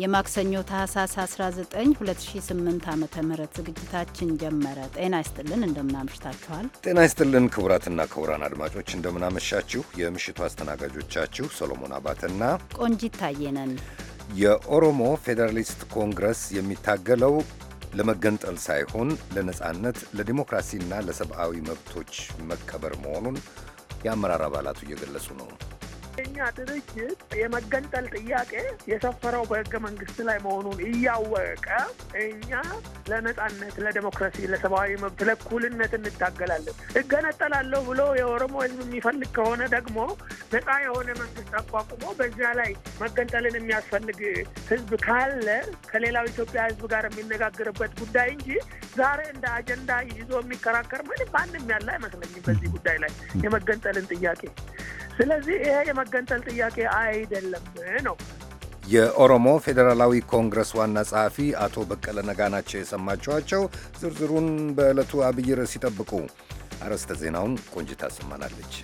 የማክሰኞ ታህሳስ 19 2008 ዓ ም ዝግጅታችን ጀመረ። ጤና ይስጥልን፣ እንደምናምሽታችኋል። ጤና ይስጥልን ክቡራትና ክቡራን አድማጮች እንደምናመሻችሁ። የምሽቱ አስተናጋጆቻችሁ ሰሎሞን አባተና ቆንጂት ታየነን። የኦሮሞ ፌዴራሊስት ኮንግረስ የሚታገለው ለመገንጠል ሳይሆን ለነጻነት፣ ለዲሞክራሲና ለሰብአዊ መብቶች መከበር መሆኑን የአመራር አባላቱ እየገለጹ ነው። የኛ ድርጅት የመገንጠል ጥያቄ የሰፈረው በህገ መንግስት ላይ መሆኑን እያወቀ እኛ ለነጻነት፣ ለዲሞክራሲ፣ ለሰብአዊ መብት፣ ለእኩልነት እንታገላለን። እገነጠላለሁ ብሎ የኦሮሞ ህዝብ የሚፈልግ ከሆነ ደግሞ ነጻ የሆነ መንግስት አቋቁሞ በዚያ ላይ መገንጠልን የሚያስፈልግ ህዝብ ካለ ከሌላው ኢትዮጵያ ህዝብ ጋር የሚነጋገርበት ጉዳይ እንጂ ዛሬ እንደ አጀንዳ ይዞ የሚከራከር ምንም ማንም ያለ አይመስለኝም በዚህ ጉዳይ ላይ የመገንጠልን ጥያቄ ስለዚህ ይሄ የመገንጠል ጥያቄ አይደለም ነው። የኦሮሞ ፌዴራላዊ ኮንግረስ ዋና ጸሐፊ አቶ በቀለ ነጋ ናቸው የሰማችኋቸው። ዝርዝሩን በዕለቱ አብይ ርዕስ ይጠብቁ። አርዕስተ ዜናውን ቆንጅት አሰማናለች።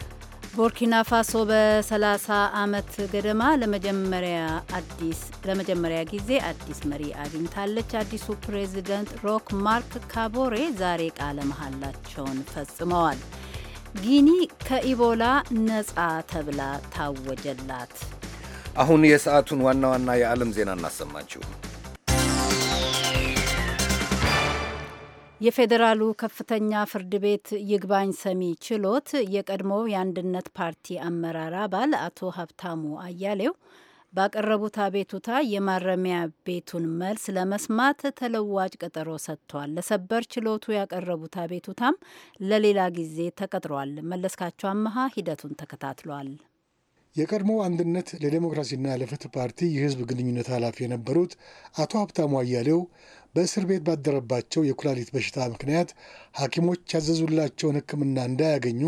ቡርኪና ፋሶ በ30 ዓመት ገደማ ለመጀመሪያ አዲስ ለመጀመሪያ ጊዜ አዲስ መሪ አግኝታለች። አዲሱ ፕሬዚደንት ሮክ ማርክ ካቦሬ ዛሬ ቃለ መሐላቸውን ፈጽመዋል። ጊኒ ከኢቦላ ነጻ ተብላ ታወጀላት። አሁን የሰዓቱን ዋና ዋና የዓለም ዜና እናሰማችሁ። የፌዴራሉ ከፍተኛ ፍርድ ቤት ይግባኝ ሰሚ ችሎት የቀድሞው የአንድነት ፓርቲ አመራር አባል አቶ ሀብታሙ አያሌው ባቀረቡት አቤቱታ የማረሚያ ቤቱን መልስ ለመስማት ተለዋጭ ቀጠሮ ሰጥቷል። ለሰበር ችሎቱ ያቀረቡት አቤቱታም ለሌላ ጊዜ ተቀጥሯል። መለስካቸው አመሃ ሂደቱን ተከታትሏል። የቀድሞ አንድነት ለዴሞክራሲና ለፍትህ ፓርቲ የህዝብ ግንኙነት ኃላፊ የነበሩት አቶ ሀብታሙ አያሌው በእስር ቤት ባደረባቸው የኩላሊት በሽታ ምክንያት ሐኪሞች ያዘዙላቸውን ሕክምና እንዳያገኙ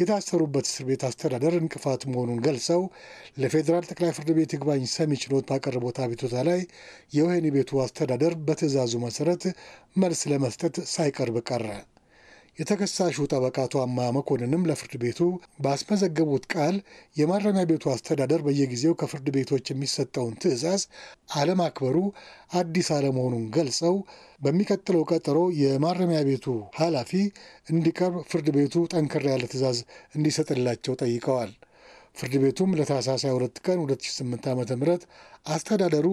የታሰሩበት እስር ቤት አስተዳደር እንቅፋት መሆኑን ገልጸው ለፌዴራል ጠቅላይ ፍርድ ቤት ይግባኝ ሰሚ ችሎት ባቀረቡት አቤቱታ ላይ የወህኒ ቤቱ አስተዳደር በትዕዛዙ መሠረት መልስ ለመስጠት ሳይቀርብ ቀረ። የተከሳሹ ጠበቃ አቶ አማ መኮንንም ለፍርድ ቤቱ ባስመዘገቡት ቃል የማረሚያ ቤቱ አስተዳደር በየጊዜው ከፍርድ ቤቶች የሚሰጠውን ትዕዛዝ አለማክበሩ አዲስ አለመሆኑን ገልጸው በሚቀጥለው ቀጠሮ የማረሚያ ቤቱ ኃላፊ እንዲቀርብ ፍርድ ቤቱ ጠንከር ያለ ትዕዛዝ እንዲሰጥላቸው ጠይቀዋል። ፍርድ ቤቱም ለታህሳስ 22 ቀን 2008 ዓ.ም አስተዳደሩ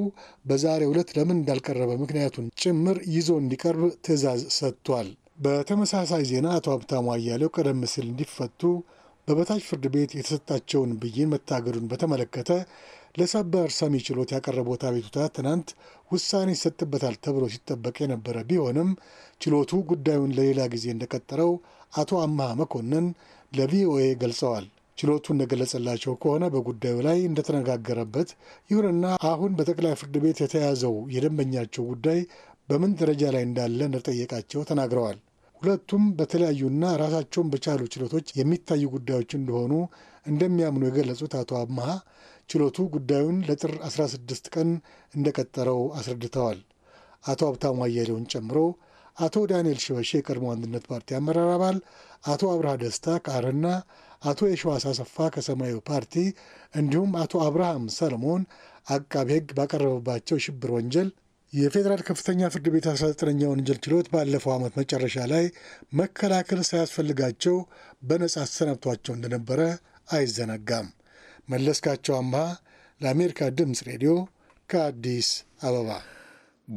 በዛሬ ዕለት ለምን እንዳልቀረበ ምክንያቱን ጭምር ይዞ እንዲቀርብ ትዕዛዝ ሰጥቷል። በተመሳሳይ ዜና አቶ ሀብታሙ አያሌው ቀደም ሲል እንዲፈቱ በበታች ፍርድ ቤት የተሰጣቸውን ብይን መታገዱን በተመለከተ ለሰበር ሰሚ ችሎት ያቀረቡት አቤቱታ ትናንት ውሳኔ ይሰጥበታል ተብሎ ሲጠበቅ የነበረ ቢሆንም ችሎቱ ጉዳዩን ለሌላ ጊዜ እንደቀጠረው አቶ አምሃ መኮንን ለቪኦኤ ገልጸዋል። ችሎቱ እንደገለጸላቸው ከሆነ በጉዳዩ ላይ እንደተነጋገረበት፣ ይሁንና አሁን በጠቅላይ ፍርድ ቤት የተያዘው የደንበኛቸው ጉዳይ በምን ደረጃ ላይ እንዳለ እንደጠየቃቸው ተናግረዋል። ሁለቱም በተለያዩና ራሳቸውን በቻሉ ችሎቶች የሚታዩ ጉዳዮች እንደሆኑ እንደሚያምኑ የገለጹት አቶ አምሃ ችሎቱ ጉዳዩን ለጥር 16 ቀን እንደቀጠረው አስረድተዋል። አቶ ሀብታሙ አያሌውን ጨምሮ አቶ ዳንኤል ሽበሺ የቀድሞ አንድነት ፓርቲ አመራር አባል፣ አቶ አብርሃ ደስታ ከአረና፣ አቶ የሸዋስ አሰፋ ከሰማያዊ ፓርቲ እንዲሁም አቶ አብርሃም ሰለሞን አቃቤ ሕግ ባቀረበባቸው ሽብር ወንጀል የፌዴራል ከፍተኛ ፍርድ ቤት 19ኛ ወንጀል ችሎት ባለፈው ዓመት መጨረሻ ላይ መከላከል ሳያስፈልጋቸው በነጻ አሰናብቷቸው እንደነበረ አይዘነጋም። መለስካቸው አምሃ ለአሜሪካ ድምፅ ሬዲዮ ከአዲስ አበባ።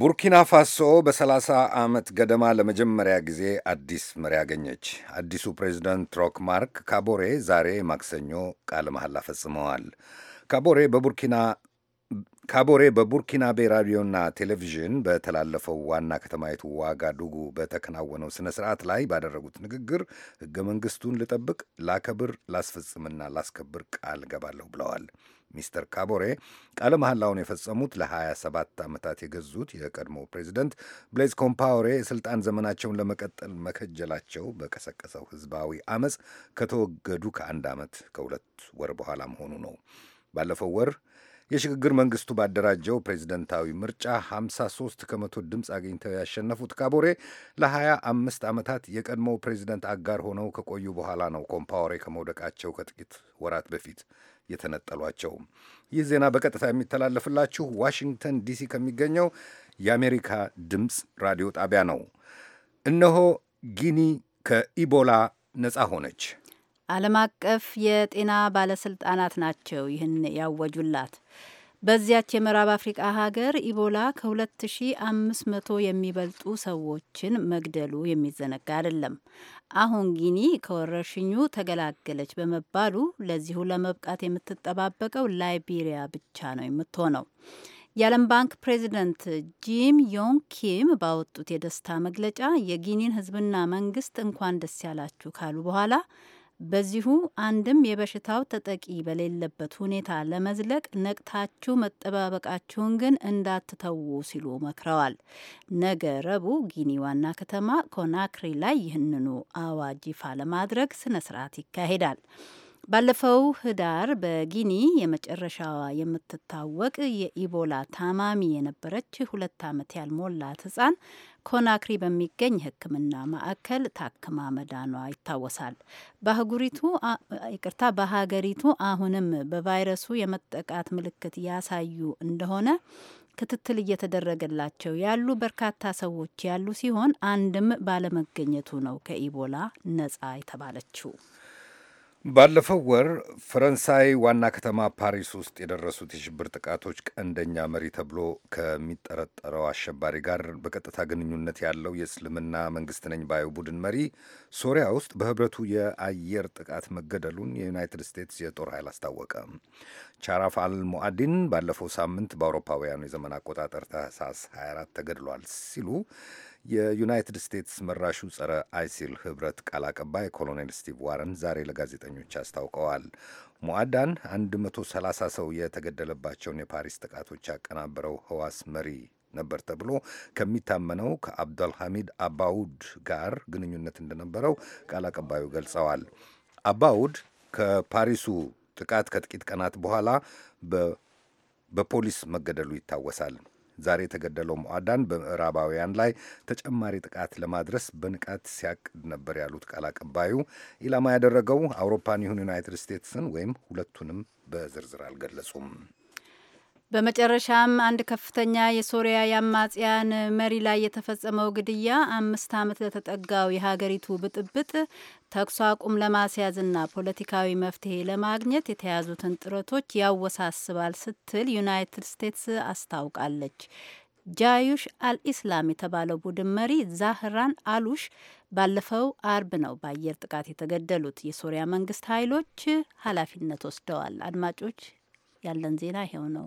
ቡርኪና ፋሶ በ30 ዓመት ገደማ ለመጀመሪያ ጊዜ አዲስ መሪ አገኘች። አዲሱ ፕሬዚደንት ሮክ ማርክ ካቦሬ ዛሬ ማክሰኞ ቃለ መሐላ ፈጽመዋል። ካቦሬ በቡርኪና ካቦሬ በቡርኪናቤ ራዲዮና ቴሌቪዥን በተላለፈው ዋና ከተማይቱ ዱጉ በተከናወነው ስነ ስርዓት ላይ ባደረጉት ንግግር ህገ መንግስቱን ልጠብቅ፣ ላከብር፣ ላስፈጽምና ላስከብር ቃል ገባለሁ ብለዋል። ሚስተር ካቦሬ ቃለ መሐላውን የፈጸሙት ለ27 ዓመታት የገዙት የቀድሞ ፕሬዚደንት ብሌዝ ኮምፓውሬ የሥልጣን ዘመናቸውን ለመቀጠል መከጀላቸው በቀሰቀሰው ህዝባዊ አመፅ ከተወገዱ ከአንድ ዓመት ከሁለት ወር በኋላ መሆኑ ነው። ባለፈው ወር የሽግግር መንግስቱ ባደራጀው ፕሬዚደንታዊ ምርጫ 53 ከመቶ ድምፅ አግኝተው ያሸነፉት ካቦሬ ለ25 ዓመታት የቀድሞው ፕሬዚደንት አጋር ሆነው ከቆዩ በኋላ ነው ኮምፓወሬ ከመውደቃቸው ከጥቂት ወራት በፊት የተነጠሏቸው። ይህ ዜና በቀጥታ የሚተላለፍላችሁ ዋሽንግተን ዲሲ ከሚገኘው የአሜሪካ ድምፅ ራዲዮ ጣቢያ ነው። እነሆ ጊኒ ከኢቦላ ነፃ ሆነች። ዓለም አቀፍ የጤና ባለስልጣናት ናቸው ይህን ያወጁላት። በዚያች የምዕራብ አፍሪቃ ሀገር ኢቦላ ከ2500 የሚበልጡ ሰዎችን መግደሉ የሚዘነጋ አይደለም። አሁን ጊኒ ከወረርሽኙ ተገላገለች በመባሉ ለዚሁ ለመብቃት የምትጠባበቀው ላይቤሪያ ብቻ ነው የምትሆነው። የዓለም ባንክ ፕሬዚደንት ጂም ዮንግ ኪም ባወጡት የደስታ መግለጫ የጊኒን ሕዝብና መንግስት እንኳን ደስ ያላችሁ ካሉ በኋላ በዚሁ አንድም የበሽታው ተጠቂ በሌለበት ሁኔታ ለመዝለቅ ነቅታችሁ መጠባበቃችሁን ግን እንዳትተዉ ሲሉ መክረዋል። ነገ ረቡዕ ጊኒ ዋና ከተማ ኮናክሪ ላይ ይህንኑ አዋጅ ይፋ ለማድረግ ስነ ስርዓት ይካሄዳል። ባለፈው ህዳር በጊኒ የመጨረሻዋ የምትታወቅ የኢቦላ ታማሚ የነበረች ሁለት ዓመት ያልሞላት ህጻን ኮናክሪ በሚገኝ ሕክምና ማዕከል ታክማ መዳኗ ይታወሳል። በአህጉሪቱ ይቅርታ፣ በሀገሪቱ አሁንም በቫይረሱ የመጠቃት ምልክት ያሳዩ እንደሆነ ክትትል እየተደረገላቸው ያሉ በርካታ ሰዎች ያሉ ሲሆን አንድም ባለመገኘቱ ነው ከኢቦላ ነጻ የተባለችው። ባለፈው ወር ፈረንሳይ ዋና ከተማ ፓሪስ ውስጥ የደረሱት የሽብር ጥቃቶች ቀንደኛ መሪ ተብሎ ከሚጠረጠረው አሸባሪ ጋር በቀጥታ ግንኙነት ያለው የእስልምና መንግስት ነኝ ባዩ ቡድን መሪ ሶሪያ ውስጥ በህብረቱ የአየር ጥቃት መገደሉን የዩናይትድ ስቴትስ የጦር ኃይል አስታወቀ። ቻራፍ አልሙአዲን ባለፈው ሳምንት በአውሮፓውያኑ የዘመን አቆጣጠር ታህሳስ 24 ተገድሏል ሲሉ የዩናይትድ ስቴትስ መራሹ ጸረ አይሲል ህብረት ቃል አቀባይ ኮሎኔል ስቲቭ ዋረን ዛሬ ለጋዜጠኞች አስታውቀዋል። ሙአዳን 130 ሰው የተገደለባቸውን የፓሪስ ጥቃቶች ያቀናበረው ህዋስ መሪ ነበር ተብሎ ከሚታመነው ከአብዱልሐሚድ አባውድ ጋር ግንኙነት እንደነበረው ቃል አቀባዩ ገልጸዋል። አባውድ ከፓሪሱ ጥቃት ከጥቂት ቀናት በኋላ በፖሊስ መገደሉ ይታወሳል። ዛሬ የተገደለው ሙአዳን በምዕራባውያን ላይ ተጨማሪ ጥቃት ለማድረስ በንቃት ሲያቅድ ነበር ያሉት ቃል አቀባዩ ኢላማ ያደረገው አውሮፓን ይሁን ዩናይትድ ስቴትስን ወይም ሁለቱንም በዝርዝር አልገለጹም። በመጨረሻም አንድ ከፍተኛ የሶሪያ የአማጽያን መሪ ላይ የተፈጸመው ግድያ አምስት ዓመት ለተጠጋው የሀገሪቱ ብጥብጥ ተኩስ አቁም ለማስያዝና ፖለቲካዊ መፍትሄ ለማግኘት የተያዙትን ጥረቶች ያወሳስባል ስትል ዩናይትድ ስቴትስ አስታውቃለች። ጃዩሽ አልኢስላም የተባለው ቡድን መሪ ዛህራን አሉሽ ባለፈው አርብ ነው በአየር ጥቃት የተገደሉት። የሶሪያ መንግስት ኃይሎች ኃላፊነት ወስደዋል። አድማጮች ያለን ዜና ይሄው ነው።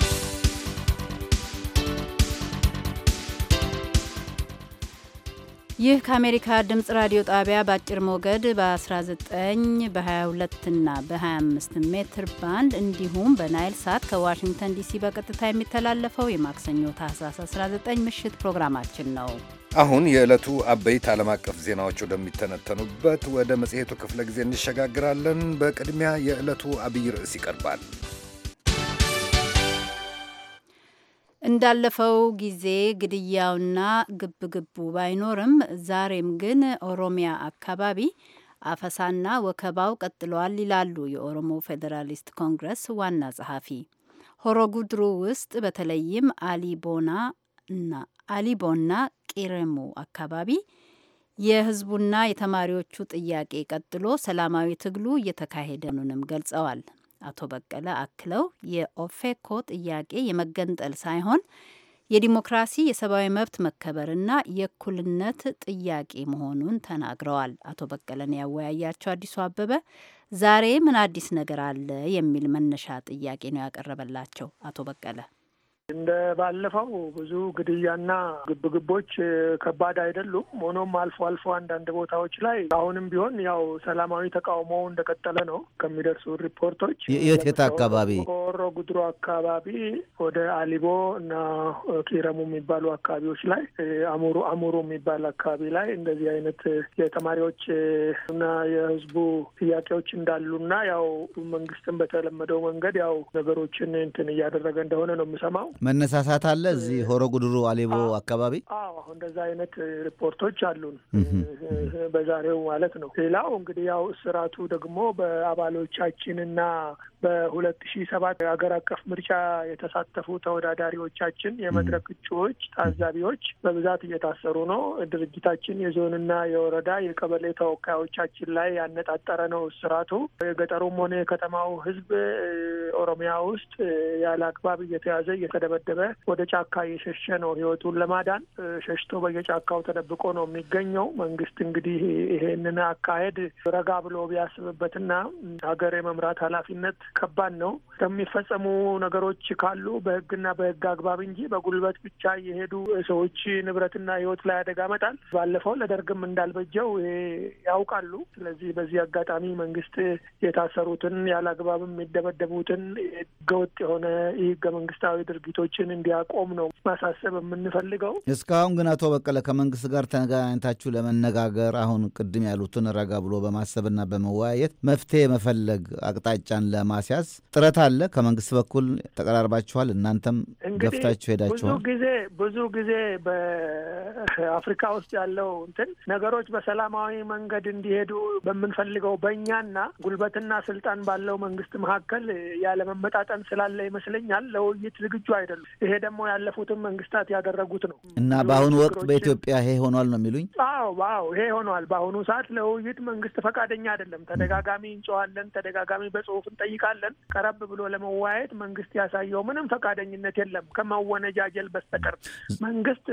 ይህ ከአሜሪካ ድምጽ ራዲዮ ጣቢያ በአጭር ሞገድ በ19 በ22 እና በ25 ሜትር ባንድ እንዲሁም በናይል ሳት ከዋሽንግተን ዲሲ በቀጥታ የሚተላለፈው የማክሰኞ ታህሳስ 19 ምሽት ፕሮግራማችን ነው። አሁን የዕለቱ አበይት ዓለም አቀፍ ዜናዎች ወደሚተነተኑበት ወደ መጽሔቱ ክፍለ ጊዜ እንሸጋግራለን። በቅድሚያ የዕለቱ አብይ ርዕስ ይቀርባል። እንዳለፈው ጊዜ ግድያውና ግብግቡ ባይኖርም ዛሬም ግን ኦሮሚያ አካባቢ አፈሳና ወከባው ቀጥለዋል ይላሉ የኦሮሞ ፌዴራሊስት ኮንግረስ ዋና ጸሐፊ። ሆሮጉድሩ ውስጥ በተለይም አሊቦና እና አሊቦና ቂሬሙ አካባቢ የህዝቡና የተማሪዎቹ ጥያቄ ቀጥሎ ሰላማዊ ትግሉ እየተካሄደ ነውንም ገልጸዋል። አቶ በቀለ አክለው የኦፌኮ ጥያቄ የመገንጠል ሳይሆን የዲሞክራሲ የሰብአዊ መብት መከበርና የእኩልነት ጥያቄ መሆኑን ተናግረዋል። አቶ በቀለን ያወያያቸው አዲሱ አበበ ዛሬ ምን አዲስ ነገር አለ የሚል መነሻ ጥያቄ ነው ያቀረበላቸው አቶ በቀለ እንደ ባለፈው ብዙ ግድያና ግብግቦች ከባድ አይደሉም። ሆኖም አልፎ አልፎ አንዳንድ ቦታዎች ላይ አሁንም ቢሆን ያው ሰላማዊ ተቃውሞ እንደቀጠለ ነው። ከሚደርሱ ሪፖርቶች የት የት አካባቢ ኮሮ ጉድሮ አካባቢ ወደ አሊቦ እና ኪረሙ የሚባሉ አካባቢዎች ላይ አሙሩ አሙሩ የሚባል አካባቢ ላይ እንደዚህ አይነት የተማሪዎች እና የህዝቡ ጥያቄዎች እንዳሉና ያው መንግስትን በተለመደው መንገድ ያው ነገሮችን እንትን እያደረገ እንደሆነ ነው የምሰማው። መነሳሳት አለ እዚህ ሆሮ ጉድሩ አሌቦ አካባቢ። አዎ አሁን እንደዛ አይነት ሪፖርቶች አሉን በዛሬው ማለት ነው። ሌላው እንግዲህ ያው እስራቱ ደግሞ በአባሎቻችንና በሁለት ሺ ሰባት ሀገር አቀፍ ምርጫ የተሳተፉ ተወዳዳሪዎቻችን የመድረክ እጩዎች፣ ታዛቢዎች በብዛት እየታሰሩ ነው። ድርጅታችን የዞንና የወረዳ የቀበሌ ተወካዮቻችን ላይ ያነጣጠረ ነው እስራቱ። የገጠሩም ሆነ የከተማው ህዝብ ኦሮሚያ ውስጥ ያለ አግባብ እየተያዘ እየተደ እየተደበደበ ወደ ጫካ እየሸሸ ነው ህይወቱን ለማዳን ሸሽቶ በየጫካው ተደብቆ ነው የሚገኘው። መንግስት እንግዲህ ይሄንን አካሄድ ረጋ ብሎ ቢያስብበትና ሀገር የመምራት ኃላፊነት ከባድ ነው። ከሚፈጸሙ ነገሮች ካሉ በህግና በህግ አግባብ እንጂ በጉልበት ብቻ የሄዱ ሰዎች ንብረትና ህይወት ላይ አደጋ መጣል ባለፈው ለደርግም እንዳልበጀው ይሄ ያውቃሉ። ስለዚህ በዚህ አጋጣሚ መንግስት የታሰሩትን ያለ አግባብ የሚደበደቡትን ህገወጥ የሆነ የህገ መንግስታዊ ድርጊቶ ግጭቶችን እንዲያቆም ነው ማሳሰብ የምንፈልገው። እስካሁን ግን አቶ በቀለ ከመንግስት ጋር ተገናኝታችሁ ለመነጋገር አሁን ቅድም ያሉትን ረጋ ብሎ በማሰብና በመወያየት መፍትሄ መፈለግ አቅጣጫን ለማስያዝ ጥረት አለ ከመንግስት በኩል ተቀራርባችኋል? እናንተም ገፍታችሁ ሄዳችኋል? ብዙ ጊዜ ብዙ ጊዜ በአፍሪካ ውስጥ ያለው እንትን ነገሮች በሰላማዊ መንገድ እንዲሄዱ በምንፈልገው በእኛና ጉልበትና ስልጣን ባለው መንግስት መካከል ያለመመጣጠን ስላለ ይመስለኛል ለውይይት ዝግጁ አይደሉም። ይሄ ደግሞ ያለፉትን መንግስታት ያደረጉት ነው እና በአሁኑ ወቅት በኢትዮጵያ ይሄ ሆኗል ነው የሚሉኝ? አዎ አዎ፣ ይሄ ሆኗል። በአሁኑ ሰዓት ለውይይት መንግስት ፈቃደኛ አይደለም። ተደጋጋሚ እንጨዋለን፣ ተደጋጋሚ በጽሁፍ እንጠይቃለን። ቀረብ ብሎ ለመወያየት መንግስት ያሳየው ምንም ፈቃደኝነት የለም ከማወነጃጀል በስተቀር። መንግስት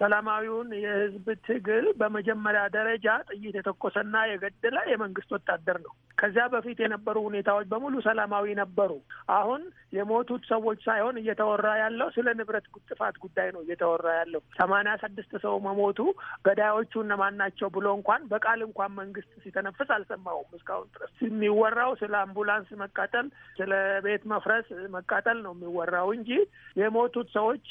ሰላማዊውን የህዝብ ትግል በመጀመሪያ ደረጃ ጥይት የተኮሰና የገደለ የመንግስት ወታደር ነው። ከዚያ በፊት የነበሩ ሁኔታዎች በሙሉ ሰላማዊ ነበሩ። አሁን የሞቱት ሰዎች ሳይሆን እየተወረ እየተወራ ያለው ስለ ንብረት ጥፋት ጉዳይ ነው እየተወራ ያለው። ሰማንያ ስድስት ሰው መሞቱ ገዳዮቹ እነማን ናቸው ብሎ እንኳን በቃል እንኳን መንግስት ሲተነፍስ አልሰማውም እስካሁን ድረስ። የሚወራው ስለ አምቡላንስ መቃጠል፣ ስለ ቤት መፍረስ መቃጠል ነው የሚወራው እንጂ የሞቱት ሰዎች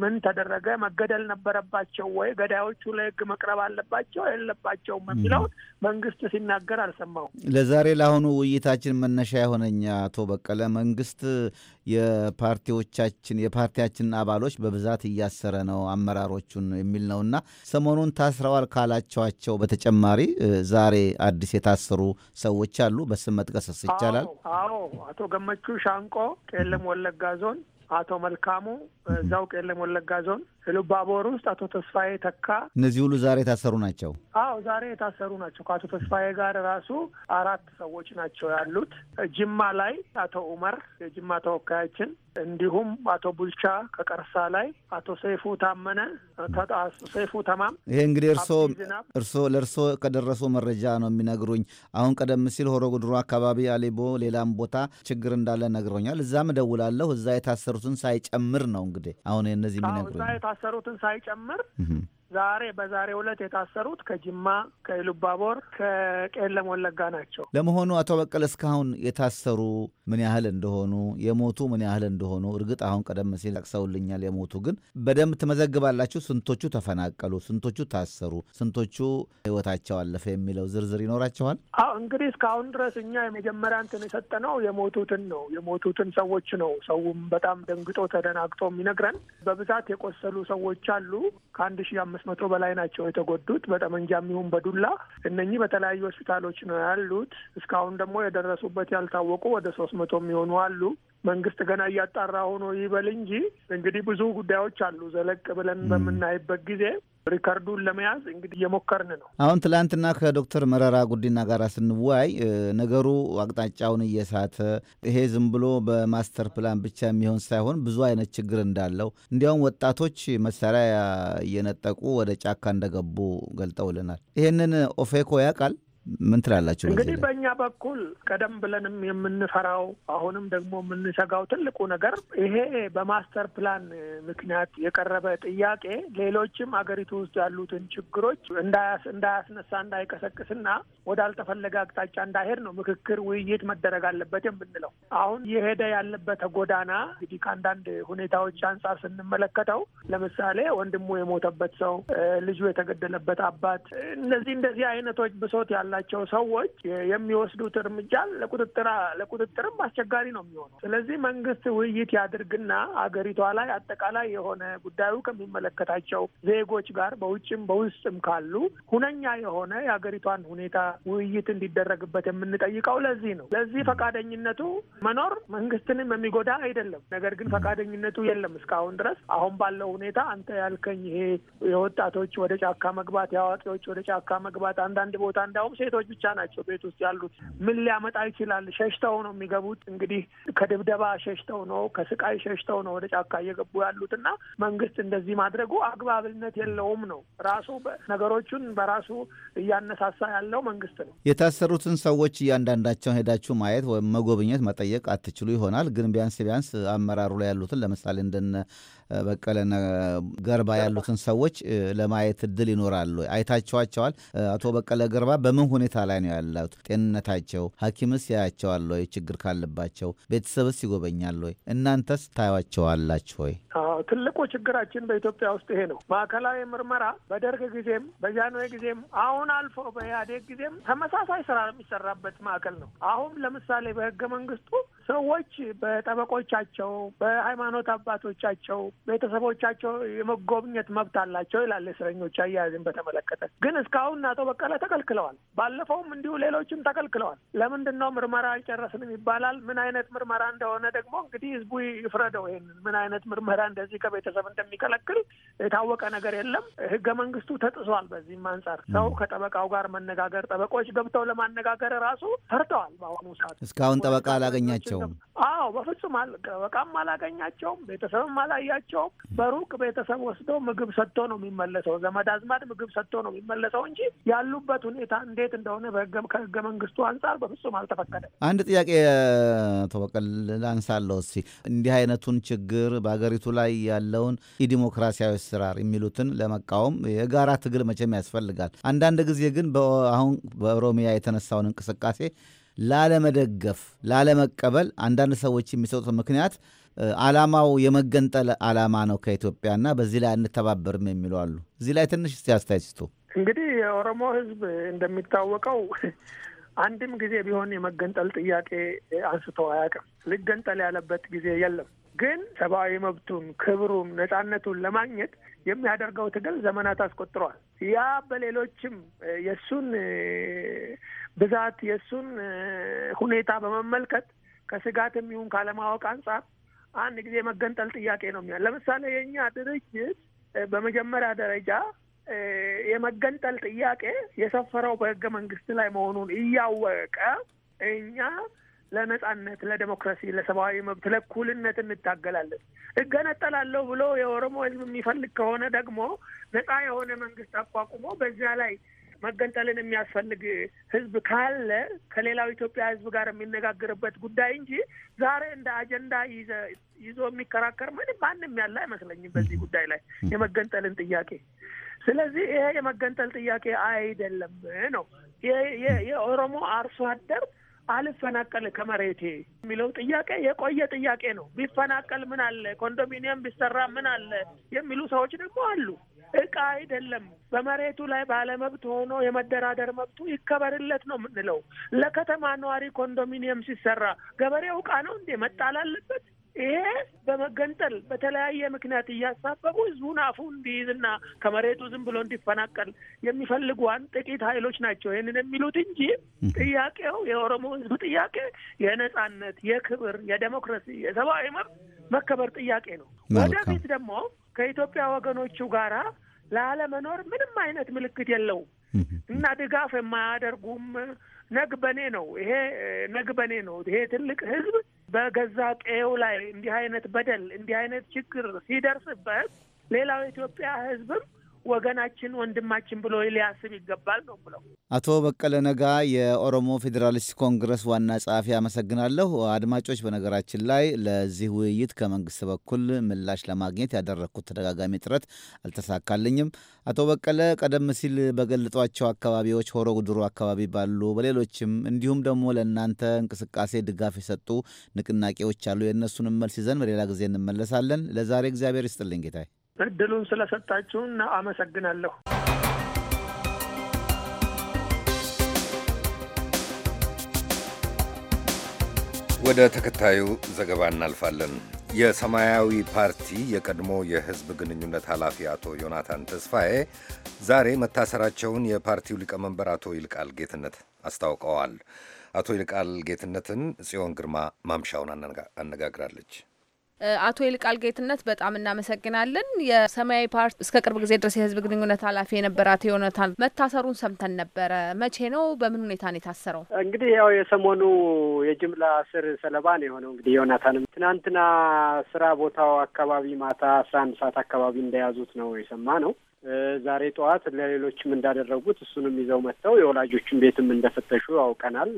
ምን ተደረገ፣ መገደል ነበረባቸው ወይ፣ ገዳዮቹ ለህግ መቅረብ አለባቸው የለባቸውም የሚለውን መንግስት ሲናገር አልሰማውም። ለዛሬ ለአሁኑ ውይይታችን መነሻ የሆነኛ አቶ በቀለ መንግስት የፓርቲዎቻችን ፓርቲያችን የፓርቲያችን አባሎች በብዛት እያሰረ ነው አመራሮቹን የሚል ነውና ሰሞኑን ታስረዋል ካላቸዋቸው በተጨማሪ ዛሬ አዲስ የታሰሩ ሰዎች አሉ። በስም መጥቀስ ይቻላል? አዎ፣ አቶ ገመቹ ሻንቆ ቄለም ወለጋ ዞን፣ አቶ መልካሙ እዛው ቄለም ወለጋ ዞን ልባቦር ውስጥ አቶ ተስፋዬ ተካ። እነዚህ ሁሉ ዛሬ የታሰሩ ናቸው። አዎ ዛሬ የታሰሩ ናቸው። ከአቶ ተስፋዬ ጋር ራሱ አራት ሰዎች ናቸው ያሉት። ጅማ ላይ አቶ ኡመር የጅማ ተወካያችን እንዲሁም አቶ ቡልቻ ከቀርሳ ላይ አቶ ሰይፉ ታመነ ሰይፉ ተማም። ይሄ እንግዲህ እርስዎ እርስዎ ለእርስዎ ከደረሱ መረጃ ነው የሚነግሩኝ። አሁን ቀደም ሲል ሆሮ ጉድሩ አካባቢ አሌቦ፣ ሌላም ቦታ ችግር እንዳለ ነግሮኛል። እዛም እደውላለሁ። እዛ የታሰሩትን ሳይጨምር ነው እንግዲህ አሁን እነዚህ የሚነግሩኝ እዛ የታሰሩትን ሳይጨምር ዛሬ በዛሬው ዕለት የታሰሩት ከጅማ፣ ከኢሉባቦር፣ ከቄለም ወለጋ ናቸው። ለመሆኑ አቶ በቀለ እስካሁን የታሰሩ ምን ያህል እንደሆኑ የሞቱ ምን ያህል እንደሆኑ እርግጥ አሁን ቀደም ሲል ጠቅሰውልኛል። የሞቱ ግን በደንብ ትመዘግባላችሁ? ስንቶቹ ተፈናቀሉ፣ ስንቶቹ ታሰሩ፣ ስንቶቹ ህይወታቸው አለፈ የሚለው ዝርዝር ይኖራቸዋል? አዎ እንግዲህ እስካሁን ድረስ እኛ የመጀመሪያ እንትን የሰጠነው የሞቱትን ነው። የሞቱትን ሰዎች ነው። ሰውም በጣም ደንግጦ ተደናግጦ የሚነግረን በብዛት የቆሰሉ ሰዎች አሉ ከአንድ ሺህ አምስት መቶ በላይ ናቸው የተጎዱት በጠመንጃ የሚሆን በዱላ እነኚህ በተለያዩ ሆስፒታሎች ነው ያሉት። እስካሁን ደግሞ የደረሱበት ያልታወቁ ወደ ሶስት መቶ የሚሆኑ አሉ። መንግስት ገና እያጣራ ሆኖ ይበል እንጂ እንግዲህ ብዙ ጉዳዮች አሉ። ዘለቅ ብለን በምናይበት ጊዜ ሪከርዱን ለመያዝ እንግዲህ እየሞከርን ነው። አሁን ትላንትና ከዶክተር መረራ ጉዲና ጋር ስንወያይ ነገሩ አቅጣጫውን እየሳተ ይሄ ዝም ብሎ በማስተር ፕላን ብቻ የሚሆን ሳይሆን ብዙ አይነት ችግር እንዳለው እንዲያውም ወጣቶች መሳሪያ እየነጠቁ ወደ ጫካ እንደገቡ ገልጠውልናል። ይህንን ኦፌኮ ያውቃል። ምን ትላላችሁ? እንግዲህ በእኛ በኩል ቀደም ብለንም የምንፈራው አሁንም ደግሞ የምንሰጋው ትልቁ ነገር ይሄ በማስተር ፕላን ምክንያት የቀረበ ጥያቄ ሌሎችም አገሪቱ ውስጥ ያሉትን ችግሮች እንዳያስነሳ እንዳይቀሰቅስና ወዳልተፈለገ አቅጣጫ እንዳይሄድ ነው ምክክር፣ ውይይት መደረግ አለበት የምንለው። አሁን የሄደ ያለበት ጎዳና እንግዲህ ከአንዳንድ ሁኔታዎች አንጻር ስንመለከተው ለምሳሌ ወንድሙ የሞተበት ሰው፣ ልጁ የተገደለበት አባት፣ እነዚህ እንደዚህ አይነቶች ብሶት ያላ ያላቸው ሰዎች የሚወስዱት እርምጃ ለቁጥጥር ለቁጥጥርም አስቸጋሪ ነው የሚሆነው። ስለዚህ መንግስት ውይይት ያድርግና አገሪቷ ላይ አጠቃላይ የሆነ ጉዳዩ ከሚመለከታቸው ዜጎች ጋር በውጭም በውስጥም ካሉ ሁነኛ የሆነ የሀገሪቷን ሁኔታ ውይይት እንዲደረግበት የምንጠይቀው ለዚህ ነው። ለዚህ ፈቃደኝነቱ መኖር መንግስትንም የሚጎዳ አይደለም። ነገር ግን ፈቃደኝነቱ የለም እስካሁን ድረስ። አሁን ባለው ሁኔታ አንተ ያልከኝ ይሄ የወጣቶች ወደ ጫካ መግባት፣ የአዋቂዎች ወደ ጫካ መግባት አንዳንድ ቦታ እንዳውም ሴቶች ብቻ ናቸው ቤት ውስጥ ያሉት። ምን ሊያመጣ ይችላል? ሸሽተው ነው የሚገቡት። እንግዲህ ከድብደባ ሸሽተው ነው፣ ከስቃይ ሸሽተው ነው ወደ ጫካ እየገቡ ያሉት እና መንግስት እንደዚህ ማድረጉ አግባብነት የለውም ነው። ራሱ ነገሮቹን በራሱ እያነሳሳ ያለው መንግስት ነው። የታሰሩትን ሰዎች እያንዳንዳቸውን ሄዳችሁ ማየት ወይም መጎብኘት መጠየቅ አትችሉ ይሆናል። ግን ቢያንስ ቢያንስ አመራሩ ላይ ያሉትን ለምሳሌ እንደነ በቀለና ገርባ ያሉትን ሰዎች ለማየት እድል ይኖራሉ? አይታችኋቸዋል? አቶ በቀለ ገርባ በምን ሁኔታ ላይ ነው ያላት? ጤንነታቸው ሐኪምስ ያያቸዋል ወይ? ችግር ካለባቸው ቤተሰብስ ይጎበኛል ወይ? እናንተስ ታዩዋቸዋላችሁ ወይ? ትልቁ ችግራችን በኢትዮጵያ ውስጥ ይሄ ነው። ማዕከላዊ ምርመራ በደርግ ጊዜም በጃንዌ ጊዜም አሁን አልፎ በኢህአዴግ ጊዜም ተመሳሳይ ስራ የሚሰራበት ማዕከል ነው። አሁን ለምሳሌ በህገ መንግስቱ ሰዎች በጠበቆቻቸው፣ በሃይማኖት አባቶቻቸው፣ ቤተሰቦቻቸው የመጎብኘት መብት አላቸው ይላል እስረኞች አያያዝን በተመለከተ ግን እስካሁን አቶ በቀለ ተከልክለዋል። ባለፈውም እንዲሁ ሌሎችም ተከልክለዋል። ለምንድን ነው ምርመራ አልጨረስንም ይባላል። ምን አይነት ምርመራ እንደሆነ ደግሞ እንግዲህ ህዝቡ ይፍረደው። ይህን ምን አይነት ምርመራ እንደዚህ ከቤተሰብ እንደሚከለክል የታወቀ ነገር የለም። ህገ መንግስቱ ተጥሷል። በዚህም አንጻር ሰው ከጠበቃው ጋር መነጋገር ጠበቆች ገብተው ለማነጋገር ራሱ ፈርተዋል። በአሁኑ ሰዓት እስካሁን ጠበቃ አላገኛቸውም። አዎ በፍጹም ጠበቃም አላገኛቸውም። ቤተሰብም አላያቸው ናቸው። በሩቅ ቤተሰብ ወስዶ ምግብ ሰጥቶ ነው የሚመለሰው። ዘመድ አዝማድ ምግብ ሰጥቶ ነው የሚመለሰው እንጂ ያሉበት ሁኔታ እንዴት እንደሆነ ከህገ መንግስቱ አንጻር በፍጹም አልተፈቀደም። አንድ ጥያቄ ተወቀል ላንሳለሁ። እስኪ እንዲህ አይነቱን ችግር በሀገሪቱ ላይ ያለውን ኢዲሞክራሲያዊ ስራር የሚሉትን ለመቃወም የጋራ ትግል መቼም ያስፈልጋል። አንዳንድ ጊዜ ግን አሁን በኦሮሚያ የተነሳውን እንቅስቃሴ ላለመደገፍ ላለመቀበል አንዳንድ ሰዎች የሚሰጡት ምክንያት አላማው የመገንጠል አላማ ነው ከኢትዮጵያና በዚህ ላይ አንተባበርም የሚሉ አሉ። እዚህ ላይ ትንሽ እስቲ አስተያየት ስጡ። እንግዲህ የኦሮሞ ህዝብ እንደሚታወቀው አንድም ጊዜ ቢሆን የመገንጠል ጥያቄ አንስቶ አያውቅም። ልገንጠል ያለበት ጊዜ የለም። ግን ሰብአዊ መብቱን፣ ክብሩን፣ ነጻነቱን ለማግኘት የሚያደርገው ትግል ዘመናት አስቆጥረዋል። ያ በሌሎችም የእሱን ብዛት የእሱን ሁኔታ በመመልከት ከስጋት ይሁን ካለማወቅ አንጻር አንድ ጊዜ መገንጠል ጥያቄ ነው የሚያ ለምሳሌ የእኛ ድርጅት በመጀመሪያ ደረጃ የመገንጠል ጥያቄ የሰፈረው በህገ መንግስት ላይ መሆኑን እያወቀ እኛ ለነጻነት፣ ለዲሞክራሲ ለሰብአዊ መብት፣ ለእኩልነት እንታገላለን። እገነጠላለሁ ብሎ የኦሮሞ ህዝብ የሚፈልግ ከሆነ ደግሞ ነጻ የሆነ መንግስት አቋቁሞ በዚያ ላይ መገንጠልን የሚያስፈልግ ህዝብ ካለ ከሌላው ኢትዮጵያ ህዝብ ጋር የሚነጋገርበት ጉዳይ እንጂ ዛሬ እንደ አጀንዳ ይዞ የሚከራከር ምንም ማንም ያለ አይመስለኝም በዚህ ጉዳይ ላይ የመገንጠልን ጥያቄ። ስለዚህ ይሄ የመገንጠል ጥያቄ አይደለም ነው የኦሮሞ አርሶ አደር አልፈናቀል ከመሬቴ የሚለው ጥያቄ የቆየ ጥያቄ ነው። ቢፈናቀል ምን አለ፣ ኮንዶሚኒየም ቢሰራ ምን አለ የሚሉ ሰዎች ደግሞ አሉ። እቃ አይደለም። በመሬቱ ላይ ባለመብት ሆኖ የመደራደር መብቱ ይከበርለት ነው የምንለው። ለከተማ ነዋሪ ኮንዶሚኒየም ሲሰራ ገበሬው እቃ ነው እንዴ መጣል አለበት? ይሄ በመገንጠል በተለያየ ምክንያት እያሳበቡ ህዝቡን አፉ እንዲይዝና ከመሬቱ ዝም ብሎ እንዲፈናቀል አንድ ጥቂት ኃይሎች ናቸው ይህንን የሚሉት እንጂ ጥያቄው የኦሮሞ ህዝብ ጥያቄ የነጻነት፣ የክብር፣ የዴሞክራሲ፣ የሰብአዊ መብት መከበር ጥያቄ ነው። ወደፊት ደግሞ ከኢትዮጵያ ወገኖቹ ጋራ ላለመኖር ምንም አይነት ምልክት የለውም እና ድጋፍ የማያደርጉም ነግ በኔ ነው። ይሄ ነግ በኔ ነው። ይሄ ትልቅ ህዝብ በገዛ ቀየው ላይ እንዲህ አይነት በደል እንዲህ አይነት ችግር ሲደርስበት ሌላው የኢትዮጵያ ህዝብም ወገናችን ወንድማችን ብሎ ሊያስብ ይገባል ነው ብለው አቶ በቀለ ነጋ የኦሮሞ ፌዴራሊስት ኮንግረስ ዋና ጸሐፊ አመሰግናለሁ። አድማጮች፣ በነገራችን ላይ ለዚህ ውይይት ከመንግስት በኩል ምላሽ ለማግኘት ያደረግኩት ተደጋጋሚ ጥረት አልተሳካልኝም። አቶ በቀለ ቀደም ሲል በገልጧቸው አካባቢዎች ሆሮ ጉድሩ አካባቢ ባሉ በሌሎችም እንዲሁም ደግሞ ለእናንተ እንቅስቃሴ ድጋፍ የሰጡ ንቅናቄዎች አሉ። የእነሱን መልስ ይዘን በሌላ ጊዜ እንመለሳለን። ለዛሬ እግዚአብሔር ይስጥልኝ ጌታዬ። እድሉን ስለሰጣችሁን አመሰግናለሁ። ወደ ተከታዩ ዘገባ እናልፋለን። የሰማያዊ ፓርቲ የቀድሞ የሕዝብ ግንኙነት ኃላፊ አቶ ዮናታን ተስፋዬ ዛሬ መታሰራቸውን የፓርቲው ሊቀመንበር አቶ ይልቃል ጌትነት አስታውቀዋል። አቶ ይልቃል ጌትነትን ጽዮን ግርማ ማምሻውን አነጋግራለች። አቶ ይልቃል ጌትነት በጣም እናመሰግናለን። የሰማያዊ ፓርቲ እስከ ቅርብ ጊዜ ድረስ የህዝብ ግንኙነት ኃላፊ የነበረ አቶ ዮናታን መታሰሩን ሰምተን ነበረ። መቼ ነው? በምን ሁኔታ ነው የታሰረው? እንግዲህ ያው የሰሞኑ የጅምላ ስር ሰለባ ነው የሆነው። እንግዲህ ዮናታንም ትናንትና ስራ ቦታው አካባቢ ማታ አስራ አንድ ሰዓት አካባቢ እንደያዙት ነው የሰማ ነው። ዛሬ ጠዋት ለሌሎችም እንዳደረጉት እሱንም ይዘው መጥተው የወላጆችን ቤትም እንደፈተሹ አውቀናል።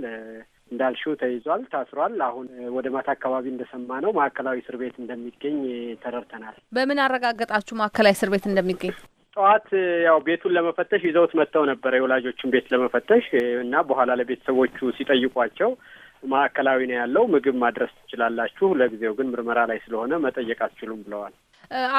እንዳልሽው ተይዟል፣ ታስሯል። አሁን ወደ ማታ አካባቢ እንደሰማ ነው ማዕከላዊ እስር ቤት እንደሚገኝ ተረድተናል። በምን አረጋገጣችሁ ማዕከላዊ እስር ቤት እንደሚገኝ? ጠዋት ያው ቤቱን ለመፈተሽ ይዘውት መጥተው ነበረ የወላጆቹን ቤት ለመፈተሽ እና በኋላ ለቤተሰቦቹ ሲጠይቋቸው ማዕከላዊ ነው ያለው ምግብ ማድረስ ትችላላችሁ፣ ለጊዜው ግን ምርመራ ላይ ስለሆነ መጠየቅ አትችሉም ብለዋል።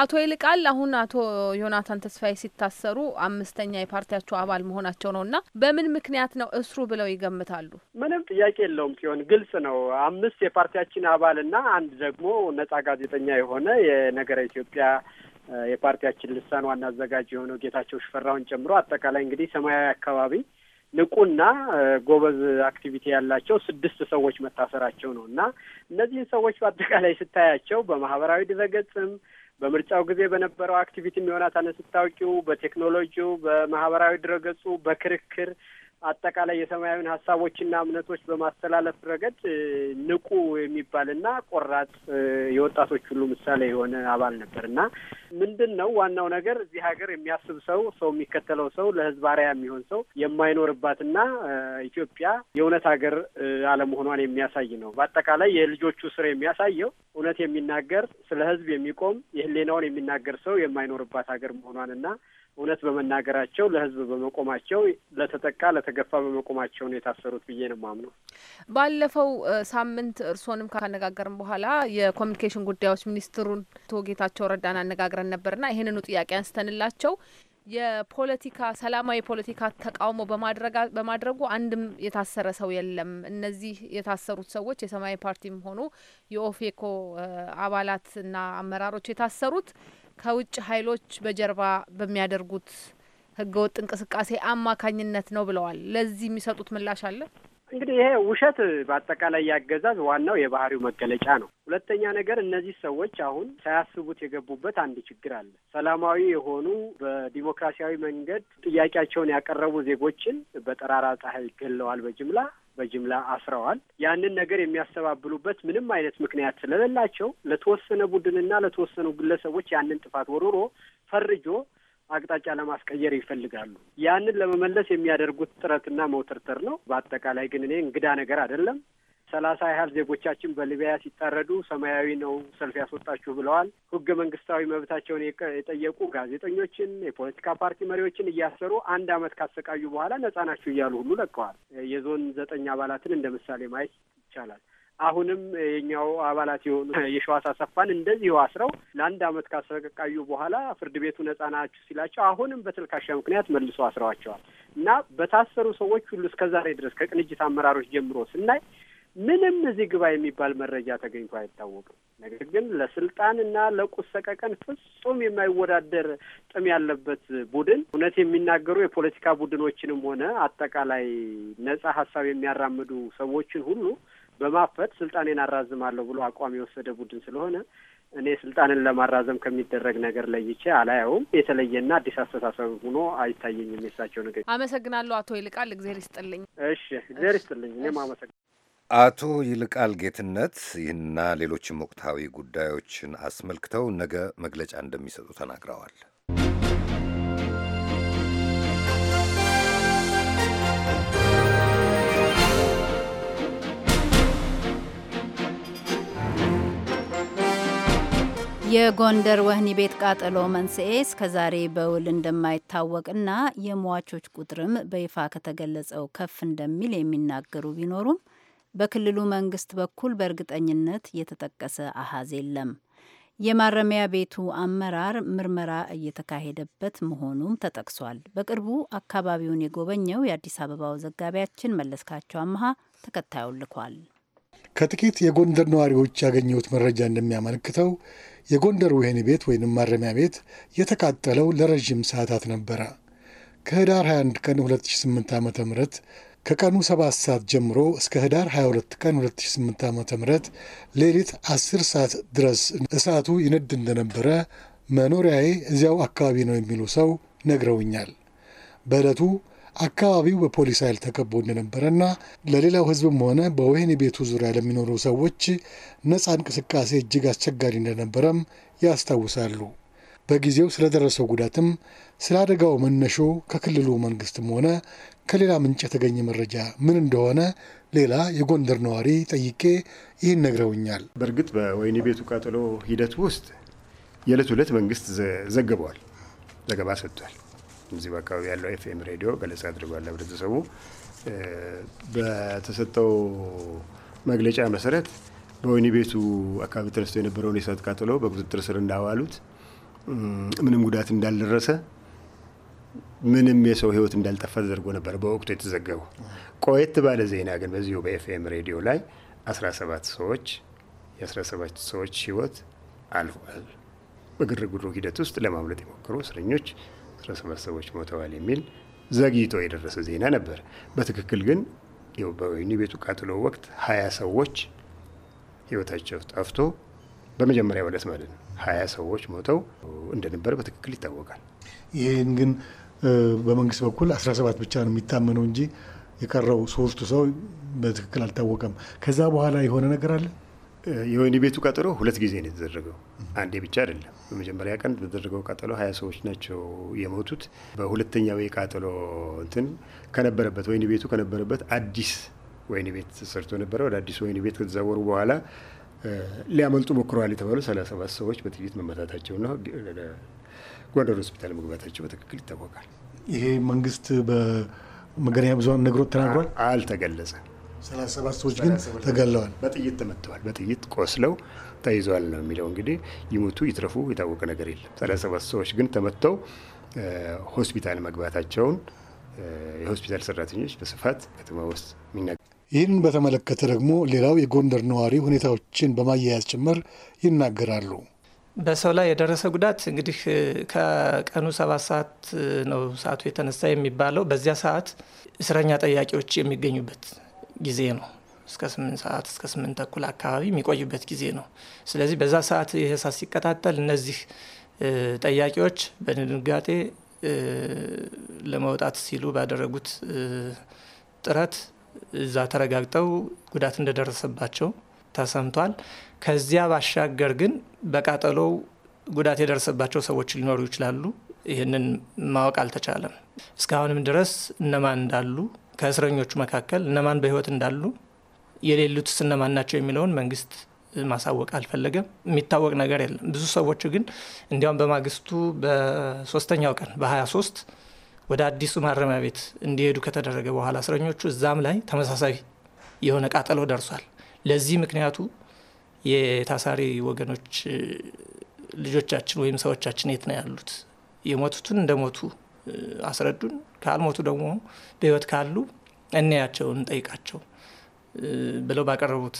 አቶ ይልቃል አሁን አቶ ዮናታን ተስፋዬ ሲታሰሩ አምስተኛ የፓርቲያቸው አባል መሆናቸው ነው እና በምን ምክንያት ነው እስሩ ብለው ይገምታሉ? ምንም ጥያቄ የለውም ሲሆን ግልጽ ነው። አምስት የፓርቲያችን አባል አንድ ደግሞ ነጻ ጋዜጠኛ የሆነ የነገረ ኢትዮጵያ የፓርቲያችን ልሳን ዋና አዘጋጅ የሆነው ጌታቸው ሽፈራውን ጨምሮ አጠቃላይ እንግዲህ ሰማያዊ አካባቢ ንቁና ጎበዝ አክቲቪቲ ያላቸው ስድስት ሰዎች መታሰራቸው ነው እና እነዚህን ሰዎች በአጠቃላይ ስታያቸው በማህበራዊ ድረገጽም በምርጫው ጊዜ በነበረው አክቲቪቲ የሆናታን ስታውቂው፣ በቴክኖሎጂው፣ በማህበራዊ ድረገጹ፣ በክርክር አጠቃላይ የሰማያዊን ሀሳቦችና እምነቶች በማስተላለፍ ረገድ ንቁ የሚባልና ቆራጥ የወጣቶች ሁሉ ምሳሌ የሆነ አባል ነበር እና ምንድን ነው ዋናው ነገር እዚህ ሀገር የሚያስብ ሰው ሰው የሚከተለው ሰው ለህዝብ አርአያ የሚሆን ሰው የማይኖርባትና ኢትዮጵያ የእውነት ሀገር አለመሆኗን የሚያሳይ ነው። በአጠቃላይ የልጆቹ ስር የሚያሳየው እውነት የሚናገር ስለ ህዝብ የሚቆም የህሌናውን የሚናገር ሰው የማይኖርባት ሀገር መሆኗንና እውነት በመናገራቸው ለህዝብ በመቆማቸው ለተጠቃ ለተገፋ በመቆማቸው ነው የታሰሩት ብዬ ነው ማምነው። ባለፈው ሳምንት እርስዎንም ካነጋገርን በኋላ የኮሚኒኬሽን ጉዳዮች ሚኒስትሩን አቶ ጌታቸው ረዳን አነጋግረን ነበርና ይህንኑ ጥያቄ አንስተንላቸው የፖለቲካ ሰላማዊ የፖለቲካ ተቃውሞ በማድረጉ አንድም የታሰረ ሰው የለም። እነዚህ የታሰሩት ሰዎች የሰማያዊ ፓርቲም ሆኑ የኦፌኮ አባላትና አመራሮች የታሰሩት ከውጭ ኃይሎች በጀርባ በሚያደርጉት ህገወጥ እንቅስቃሴ አማካኝነት ነው ብለዋል። ለዚህ የሚሰጡት ምላሽ አለ? እንግዲህ ይሄ ውሸት በአጠቃላይ ያገዛዝ ዋናው የባህሪው መገለጫ ነው። ሁለተኛ ነገር እነዚህ ሰዎች አሁን ሳያስቡት የገቡበት አንድ ችግር አለ። ሰላማዊ የሆኑ በዲሞክራሲያዊ መንገድ ጥያቄያቸውን ያቀረቡ ዜጎችን በጠራራ ፀሐይ ገለዋል፣ በጅምላ በጅምላ አስረዋል። ያንን ነገር የሚያስተባብሉበት ምንም አይነት ምክንያት ስለሌላቸው ለተወሰነ ቡድንና ለተወሰኑ ግለሰቦች ያንን ጥፋት ወርሮ ፈርጆ አቅጣጫ ለማስቀየር ይፈልጋሉ። ያንን ለመመለስ የሚያደርጉት ጥረትና መውተርተር ነው። በአጠቃላይ ግን እኔ እንግዳ ነገር አይደለም። ሰላሳ ያህል ዜጎቻችን በሊቢያ ሲታረዱ ሰማያዊ ነው ሰልፍ ያስወጣችሁ ብለዋል። ህገ መንግስታዊ መብታቸውን የጠየቁ ጋዜጠኞችን፣ የፖለቲካ ፓርቲ መሪዎችን እያሰሩ አንድ አመት ካሰቃዩ በኋላ ነጻ ናችሁ እያሉ ሁሉ ለቀዋል። የዞን ዘጠኝ አባላትን እንደ ምሳሌ ማየት ይቻላል። አሁንም የኛው አባላት የሆኑ የሸዋስ አሰፋን እንደዚሁ አስረው ለአንድ አመት ካሰቃዩ በኋላ ፍርድ ቤቱ ነጻ ናችሁ ሲላቸው አሁንም በተልካሻ ምክንያት መልሶ አስረዋቸዋል እና በታሰሩ ሰዎች ሁሉ እስከዛሬ ድረስ ከቅንጅት አመራሮች ጀምሮ ስናይ ምንም እዚህ ግባ የሚባል መረጃ ተገኝቶ አይታወቅም። ነገር ግን ለስልጣን እና ለቁስ ሰቀቀን ፍጹም የማይወዳደር ጥም ያለበት ቡድን እውነት የሚናገሩ የፖለቲካ ቡድኖችንም ሆነ አጠቃላይ ነጻ ሀሳብ የሚያራምዱ ሰዎችን ሁሉ በማፈት ስልጣኔን አራዝማለሁ ብሎ አቋም የወሰደ ቡድን ስለሆነ እኔ ስልጣንን ለማራዘም ከሚደረግ ነገር ለይቼ አላየውም። የተለየና አዲስ አስተሳሰብ ሆኖ አይታየኝም የሳቸው ነገር። አመሰግናለሁ አቶ ይልቃል። እግዜር ይስጥልኝ። እሺ፣ እግዜር ይስጥልኝ። እኔም አመሰግናለሁ አቶ ይልቃል ጌትነት። ይህንና ሌሎችም ወቅታዊ ጉዳዮችን አስመልክተው ነገ መግለጫ እንደሚሰጡ ተናግረዋል። የጎንደር ወህኒ ቤት ቃጠሎ መንስኤ እስከዛሬ በውል እንደማይታወቅና የሟቾች ቁጥርም በይፋ ከተገለጸው ከፍ እንደሚል የሚናገሩ ቢኖሩም በክልሉ መንግስት በኩል በእርግጠኝነት የተጠቀሰ አሀዝ የለም። የማረሚያ ቤቱ አመራር ምርመራ እየተካሄደበት መሆኑም ተጠቅሷል። በቅርቡ አካባቢውን የጎበኘው የአዲስ አበባው ዘጋቢያችን መለስካቸው አመሃ ተከታዩን ልኳል። ከጥቂት የጎንደር ነዋሪዎች ያገኘሁት መረጃ እንደሚያመለክተው የጎንደር ወህኒ ቤት ወይም ማረሚያ ቤት የተቃጠለው ለረዥም ሰዓታት ነበረ። ከህዳር 21 ቀን 2008 ዓ ም ከቀኑ 7 ሰዓት ጀምሮ እስከ ህዳር 22 ቀን 2008 ዓ ም ሌሊት 10 ሰዓት ድረስ እሳቱ ይነድ እንደነበረ መኖሪያዬ እዚያው አካባቢ ነው የሚሉ ሰው ነግረውኛል። በዕለቱ አካባቢው በፖሊስ ኃይል ተከቦ እንደነበረና ለሌላው ህዝብም ሆነ በወህኒ ቤቱ ዙሪያ ለሚኖሩ ሰዎች ነፃ እንቅስቃሴ እጅግ አስቸጋሪ እንደነበረም ያስታውሳሉ። በጊዜው ስለደረሰው ጉዳትም ስለ አደጋው መነሾ ከክልሉ መንግስትም ሆነ ከሌላ ምንጭ የተገኘ መረጃ ምን እንደሆነ ሌላ የጎንደር ነዋሪ ጠይቄ ይህን ነግረውኛል። በእርግጥ በወህኒ ቤቱ ቃጠሎ ሂደት ውስጥ የዕለት ዕለት መንግስት ዘግበዋል፣ ዘገባ ሰጥቷል። እዚህ በአካባቢ ያለው ኤፍኤም ሬዲዮ ገለጻ አድርጓል። ለህብረተሰቡ በተሰጠው መግለጫ መሰረት በወህኒ ቤቱ አካባቢ ተነስቶ የነበረውን የእሳት ቃጠሎ በቁጥጥር ስር እንዳዋሉት፣ ምንም ጉዳት እንዳልደረሰ፣ ምንም የሰው ህይወት እንዳልጠፋ ተደርጎ ነበር በወቅቱ የተዘገበው። ቆየት ባለ ዜና ግን በዚሁ በኤፍኤም ሬዲዮ ላይ 17 ሰዎች የ17 ሰዎች ህይወት አልፏል። በግርግሩ ሂደት ውስጥ ለማምለጥ የሞከሩ እስረኞች አስራ ሰባት ሞተዋል የሚል ዘግይቶ የደረሰ ዜና ነበር። በትክክል ግን በወህኒ ቤቱ ቃጥሎ ወቅት ሀያ ሰዎች ህይወታቸው ጠፍቶ በመጀመሪያ ዕለት ማለት ነው ሀያ ሰዎች ሞተው እንደነበረ በትክክል ይታወቃል። ይህን ግን በመንግስት በኩል 17 ብቻ ነው የሚታመነው እንጂ የቀረው ሶስቱ ሰው በትክክል አልታወቀም። ከዛ በኋላ የሆነ ነገር አለ የወህኒ ቤቱ ቀጠሮ ሁለት ጊዜ ነው የተደረገው፣ አንዴ ብቻ አይደለም። በመጀመሪያ ቀን በተደረገው ቀጠሮ ሀያ ሰዎች ናቸው የሞቱት። በሁለተኛው የቃጠሎ እንትን ከነበረበት ወህኒ ቤቱ ከነበረበት አዲስ ወህኒ ቤት ተሰርቶ ነበረ። ወደ አዲሱ ወህኒ ቤት ከተዛወሩ በኋላ ሊያመልጡ ሞክረዋል የተባሉ ሰላሳ ሰባት ሰዎች በጥይት መመታታቸውና ጎንደር ሆስፒታል መግባታቸው በትክክል ይታወቃል። ይሄ መንግስት በመገናኛ ብዙን ነግሮት ተናግሯል፣ አልተገለጸም ሰባት ሰዎች ግን ተገለዋል፣ በጥይት ተመተዋል፣ በጥይት ቆስለው ተይዘዋል ነው የሚለው። እንግዲህ ይሙቱ ይትረፉ የታወቀ ነገር የለም። ሰባት ሰዎች ግን ተመተው ሆስፒታል መግባታቸውን የሆስፒታል ሰራተኞች በስፋት ከተማ ውስጥ የሚናገ ይህን በተመለከተ ደግሞ ሌላው የጎንደር ነዋሪ ሁኔታዎችን በማያያዝ ጭምር ይናገራሉ። በሰው ላይ የደረሰ ጉዳት እንግዲህ ከቀኑ ሰባት ሰዓት ነው ሰዓቱ የተነሳ የሚባለው። በዚያ ሰዓት እስረኛ ጠያቂዎች የሚገኙበት ጊዜ ነው። እስከ ስምንት ሰዓት እስከ ስምንት ተኩል አካባቢ የሚቆዩበት ጊዜ ነው። ስለዚህ በዛ ሰዓት ይህ እሳት ሲቀጣጠል እነዚህ ጠያቂዎች በድንጋጤ ለመውጣት ሲሉ ባደረጉት ጥረት እዛ ተረጋግጠው ጉዳት እንደደረሰባቸው ተሰምቷል። ከዚያ ባሻገር ግን በቃጠሎው ጉዳት የደረሰባቸው ሰዎች ሊኖሩ ይችላሉ። ይህንን ማወቅ አልተቻለም። እስካሁንም ድረስ እነማን እንዳሉ ከእስረኞቹ መካከል እነማን በህይወት እንዳሉ የሌሉትስ እነማን ናቸው የሚለውን መንግስት ማሳወቅ አልፈለገም። የሚታወቅ ነገር የለም። ብዙ ሰዎች ግን እንዲያውም በማግስቱ በሶስተኛው ቀን በ23 ወደ አዲሱ ማረሚያ ቤት እንዲሄዱ ከተደረገ በኋላ እስረኞቹ እዛም ላይ ተመሳሳይ የሆነ ቃጠሎ ደርሷል። ለዚህ ምክንያቱ የታሳሪ ወገኖች ልጆቻችን ወይም ሰዎቻችን የት ነው ያሉት? የሞቱትን እንደሞቱ አስረዱን። ካልሞቱ ደግሞ በህይወት ካሉ እንያቸው፣ እንጠይቃቸው ብለው ባቀረቡት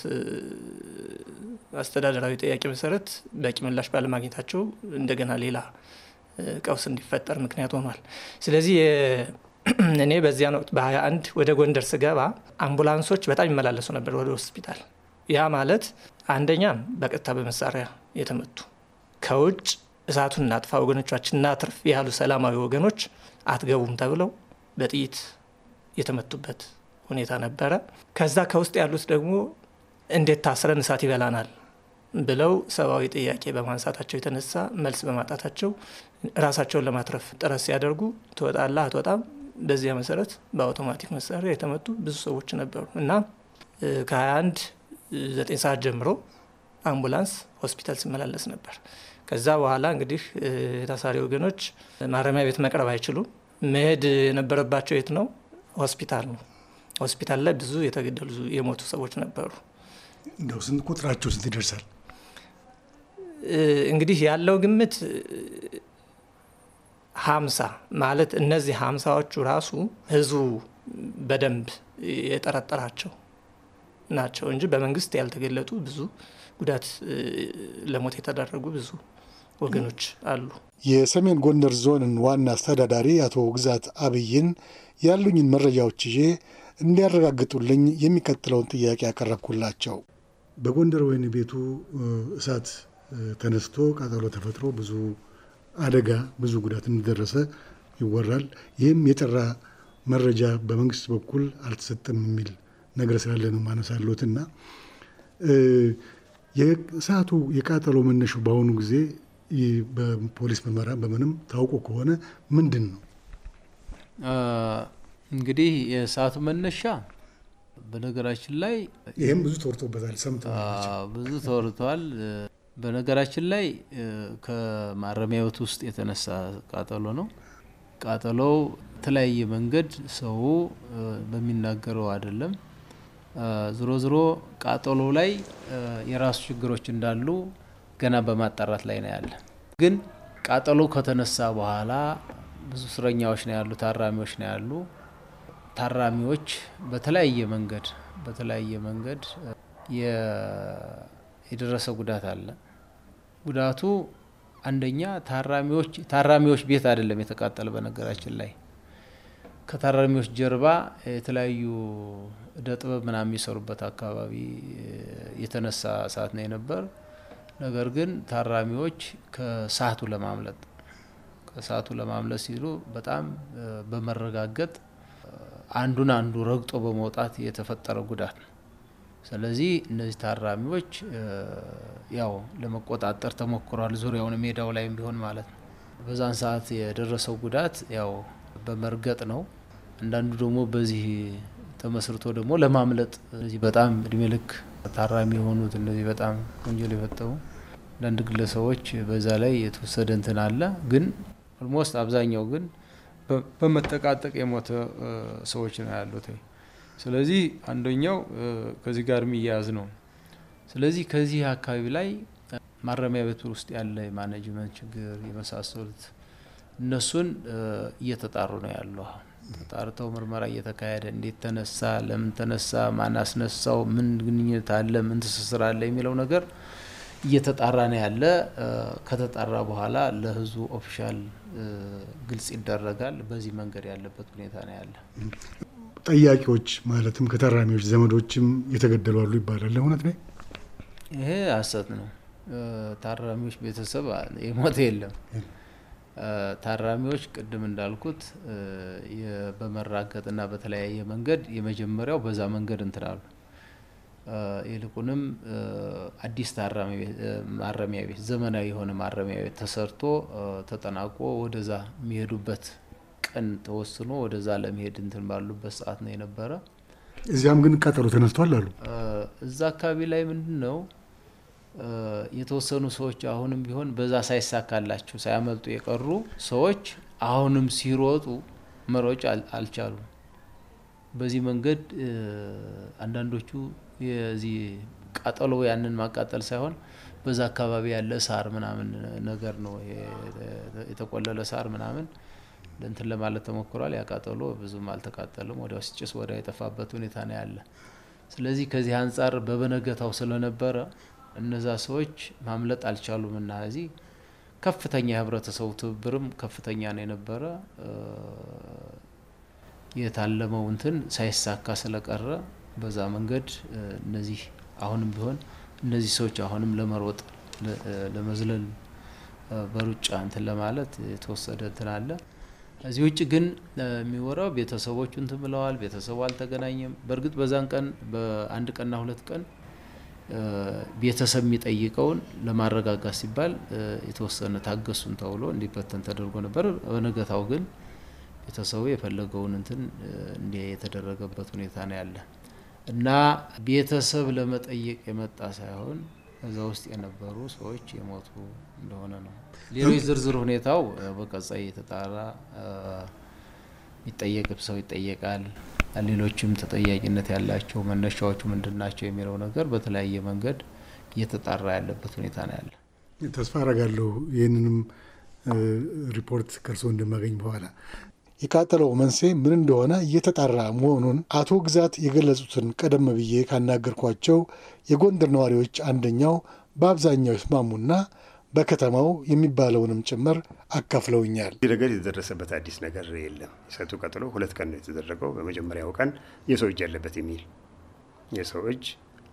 አስተዳደራዊ ጥያቄ መሰረት በቂ ምላሽ ባለማግኘታቸው እንደገና ሌላ ቀውስ እንዲፈጠር ምክንያት ሆኗል። ስለዚህ እኔ በዚያን ወቅት በ21 ወደ ጎንደር ስገባ አምቡላንሶች በጣም ይመላለሱ ነበር ወደ ሆስፒታል። ያ ማለት አንደኛም በቀጥታ በመሳሪያ የተመቱ ከውጭ እሳቱን እናጥፋ፣ ወገኖቻችን እናትርፍ ያሉ ሰላማዊ ወገኖች አትገቡም ተብለው በጥይት የተመቱበት ሁኔታ ነበረ። ከዛ ከውስጥ ያሉት ደግሞ እንዴት ታስረን እሳት ይበላናል ብለው ሰብአዊ ጥያቄ በማንሳታቸው የተነሳ መልስ በማጣታቸው ራሳቸውን ለማትረፍ ጥረት ሲያደርጉ ትወጣላ አትወጣም፣ በዚያ መሰረት በአውቶማቲክ መሳሪያ የተመቱ ብዙ ሰዎች ነበሩ እና ከ21 ዘጠኝ ሰዓት ጀምሮ አምቡላንስ ሆስፒታል ስመላለስ ነበር። ከዛ በኋላ እንግዲህ የታሳሪ ወገኖች ማረሚያ ቤት መቅረብ አይችሉም። መሄድ የነበረባቸው የት ነው? ሆስፒታል ነው። ሆስፒታል ላይ ብዙ የተገደሉ የሞቱ ሰዎች ነበሩ። እንደው ስንት ቁጥራቸው ስንት ይደርሳል? እንግዲህ ያለው ግምት ሀምሳ ማለት እነዚህ ሀምሳዎቹ ራሱ ህዝቡ በደንብ የጠረጠራቸው ናቸው እንጂ በመንግስት ያልተገለጡ ብዙ ጉዳት ለሞት የተደረጉ ብዙ ወገኖች አሉ። የሰሜን ጎንደር ዞንን ዋና አስተዳዳሪ አቶ ግዛት አብይን ያሉኝን መረጃዎች ይዤ እንዲያረጋግጡልኝ የሚቀጥለውን ጥያቄ ያቀረብኩላቸው። በጎንደር ወህኒ ቤቱ እሳት ተነስቶ ቃጠሎ ተፈጥሮ ብዙ አደጋ ብዙ ጉዳት እንደደረሰ ይወራል። ይህም የጠራ መረጃ በመንግስት በኩል አልተሰጠም የሚል ነገር ስላለ ነው ማነሳለሁት እና የእሳቱ የቃጠሎ መነሻው በአሁኑ ጊዜ በፖሊስ ምርመራ በምንም ታውቆ ከሆነ ምንድን ነው እንግዲህ የሰዓቱ መነሻ? በነገራችን ላይ ይህም ብዙ ተወርቶበታል፣ ሰምተናል፣ ብዙ ተወርቷል። በነገራችን ላይ ከማረሚያ ቤት ውስጥ የተነሳ ቃጠሎ ነው። ቃጠሎው የተለያየ መንገድ ሰው በሚናገረው አይደለም። ዝሮ ዝሮ ቃጠሎ ላይ የራሱ ችግሮች እንዳሉ ገና በማጣራት ላይ ነው ያለ። ግን ቃጠሎ ከተነሳ በኋላ ብዙ እስረኛዎች ነው ያሉ፣ ታራሚዎች ነው ያሉ። ታራሚዎች በተለያየ መንገድ በተለያየ መንገድ የደረሰ ጉዳት አለ። ጉዳቱ አንደኛ ታራሚዎች ታራሚዎች ቤት አይደለም የተቃጠለ። በነገራችን ላይ ከታራሚዎች ጀርባ የተለያዩ እደ ጥበብ ምናምን የሚሰሩበት አካባቢ የተነሳ እሳት ነው የነበር ነገር ግን ታራሚዎች ከሰዓቱ ለማምለጥ ከሰዓቱ ለማምለጥ ሲሉ በጣም በመረጋገጥ አንዱን አንዱ ረግጦ በመውጣት የተፈጠረ ጉዳት ነው። ስለዚህ እነዚህ ታራሚዎች ያው ለመቆጣጠር ተሞክሯል፣ ዙሪያውን ሜዳው ላይም ቢሆን ማለት ነው። በዛን ሰዓት የደረሰው ጉዳት ያው በመርገጥ ነው። አንዳንዱ ደግሞ በዚህ ተመስርቶ ደግሞ ለማምለጥ እነዚህ በጣም እድሜ ልክ ታራሚ የሆኑት እነዚህ በጣም ወንጀል የፈጠሙ አንዳንድ ግለሰቦች በዛ ላይ የተወሰደ እንትን አለ። ግን ኦልሞስት አብዛኛው ግን በመጠቃጠቅ የሞተ ሰዎች ነው ያሉት። ስለዚህ አንደኛው ከዚህ ጋር የሚያያዝ ነው። ስለዚህ ከዚህ አካባቢ ላይ ማረሚያ ቤት ውስጥ ያለ የማኔጅመንት ችግር የመሳሰሉት እነሱን እየተጣሩ ነው ያለው። ተጣርተው ምርመራ እየተካሄደ እንዴት ተነሳ፣ ለምን ተነሳ፣ ማን አስነሳው፣ ምን ግንኙነት አለ፣ ምን ትስስር አለ የሚለው ነገር እየተጣራ ነው ያለ። ከተጣራ በኋላ ለህዝቡ ኦፊሻል ግልጽ ይደረጋል። በዚህ መንገድ ያለበት ሁኔታ ነው ያለ። ጠያቂዎች ማለትም ከታራሚዎች ዘመዶችም የተገደሉ አሉ ይባላል። ለእውነት ነው? ይሄ ሀሰት ነው። ታራሚዎች ቤተሰብ የሞተ የለም። ታራሚዎች ቅድም እንዳልኩት በመራገጥና በተለያየ መንገድ የመጀመሪያው በዛ መንገድ እንትናሉ ይልቁንም አዲስ ማረሚያ ቤት ዘመናዊ የሆነ ማረሚያ ቤት ተሰርቶ ተጠናቆ ወደዛ የሚሄዱበት ቀን ተወስኖ ወደዛ ለመሄድ እንትን ባሉበት ሰዓት ነው የነበረ። እዚያም ግን ቀጠሮ ተነስቷል አሉ። እዛ አካባቢ ላይ ምንድን ነው የተወሰኑ ሰዎች አሁንም ቢሆን በዛ ሳይሳካላቸው ሳያመልጡ የቀሩ ሰዎች አሁንም ሲሮጡ መሮጭ አልቻሉም። በዚህ መንገድ አንዳንዶቹ የዚህ ቃጠሎ ያንን ማቃጠል ሳይሆን በዛ አካባቢ ያለ ሳር ምናምን ነገር ነው የተቆለለ ሳር ምናምን እንትን ለማለት ተሞክሯል። ያቃጠሎ ብዙም አልተቃጠልም፣ ወዲያው ሲጭስ ወደ የጠፋበት ሁኔታ ነው ያለ። ስለዚህ ከዚህ አንጻር በበነገታው ስለነበረ እነዛ ሰዎች ማምለጥ አልቻሉም እና እዚህ ከፍተኛ የህብረተሰቡ ትብብርም ከፍተኛ ነው የነበረ። የታለመው እንትን ሳይሳካ ስለቀረ በዛ መንገድ እነዚህ አሁንም ቢሆን እነዚህ ሰዎች አሁንም ለመሮጥ ለመዝለል በሩጫ እንትን ለማለት የተወሰደ እንትን አለ። እዚህ ውጭ ግን የሚወራው ቤተሰቦቹ እንትን ብለዋል፣ ቤተሰቡ አልተገናኘም። በእርግጥ በዛን ቀን በአንድ ቀንና ሁለት ቀን ቤተሰብ የሚጠይቀውን ለማረጋጋት ሲባል የተወሰነ ታገሱን ተብሎ እንዲበተን ተደርጎ ነበር። በነገታው ግን ቤተሰቡ የፈለገውን እንትን እንዲ የተደረገበት ሁኔታ ነው ያለ። እና ቤተሰብ ለመጠየቅ የመጣ ሳይሆን እዛ ውስጥ የነበሩ ሰዎች የሞቱ እንደሆነ ነው። ሌሎች ዝርዝር ሁኔታው በቀጻይ የተጣራ ይጠየቅ ሰው ይጠየቃል። ሌሎችም ተጠያቂነት ያላቸው መነሻዎቹ ምንድን ናቸው የሚለው ነገር በተለያየ መንገድ እየተጣራ ያለበት ሁኔታ ነው ያለ። ተስፋ አረጋለሁ ይህንንም ሪፖርት ከእርስዎ እንደማገኝ በኋላ የቃጠለው መንስኤ ምን እንደሆነ እየተጣራ መሆኑን አቶ ግዛት የገለጹትን ቀደም ብዬ ካናገርኳቸው የጎንደር ነዋሪዎች አንደኛው በአብዛኛው ይስማሙና በከተማው የሚባለውንም ጭምር አካፍለውኛል። ይህ ነገር የተደረሰበት አዲስ ነገር የለም። የእሳቱ ቀጥሎ ሁለት ቀን ነው የተደረገው። በመጀመሪያው ቀን የሰው እጅ አለበት የሚል የሰው እጅ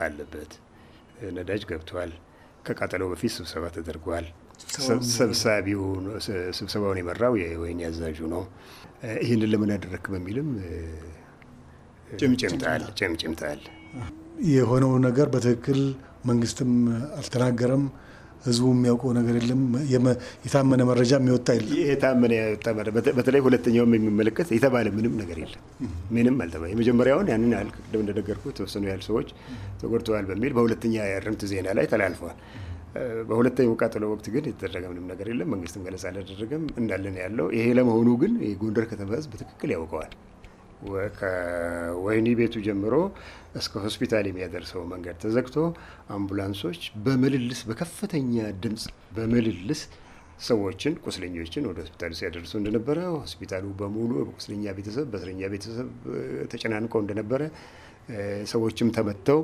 አለበት፣ ነዳጅ ገብቷል፣ ከቃጠለው በፊት ስብሰባ ተደርጓል። ስብሰባውን የመራው የወይን አዛዡ ነው። ይህንን ለምን አደረክ በሚልም ጭምጭምታል የሆነው ነገር በትክክል መንግስትም አልተናገረም። ህዝቡ የሚያውቀው ነገር የለም። የታመነ መረጃ የሚወጣ የለም። የታመነ በተለይ ሁለተኛውም የሚመለከት የተባለ ምንም ነገር የለም። ምንም አልተባለ የመጀመሪያውን ያንን ያህል ቅድም እንደነገርኩ ያህል ሰዎች ተጎድተዋል በሚል በሁለተኛ የእርምት ዜና ላይ ተላልፈዋል። በሁለተኛው ቃጠሎ ወቅት ግን የተደረገ ምንም ነገር የለም። መንግስትም ገለጻ አላደረገም እንዳለን ያለው ይሄ ለመሆኑ ግን የጎንደር ከተማ ህዝብ በትክክል ያውቀዋል። ከወህኒ ቤቱ ጀምሮ እስከ ሆስፒታል የሚያደርሰው መንገድ ተዘግቶ አምቡላንሶች በምልልስ በከፍተኛ ድምፅ በምልልስ ሰዎችን ቁስለኞችን ወደ ሆስፒታሉ ሲያደርሱ እንደነበረ ሆስፒታሉ በሙሉ ቁስለኛ ቤተሰብ በእስረኛ ቤተሰብ ተጨናንቀው እንደነበረ ሰዎችም ተመተው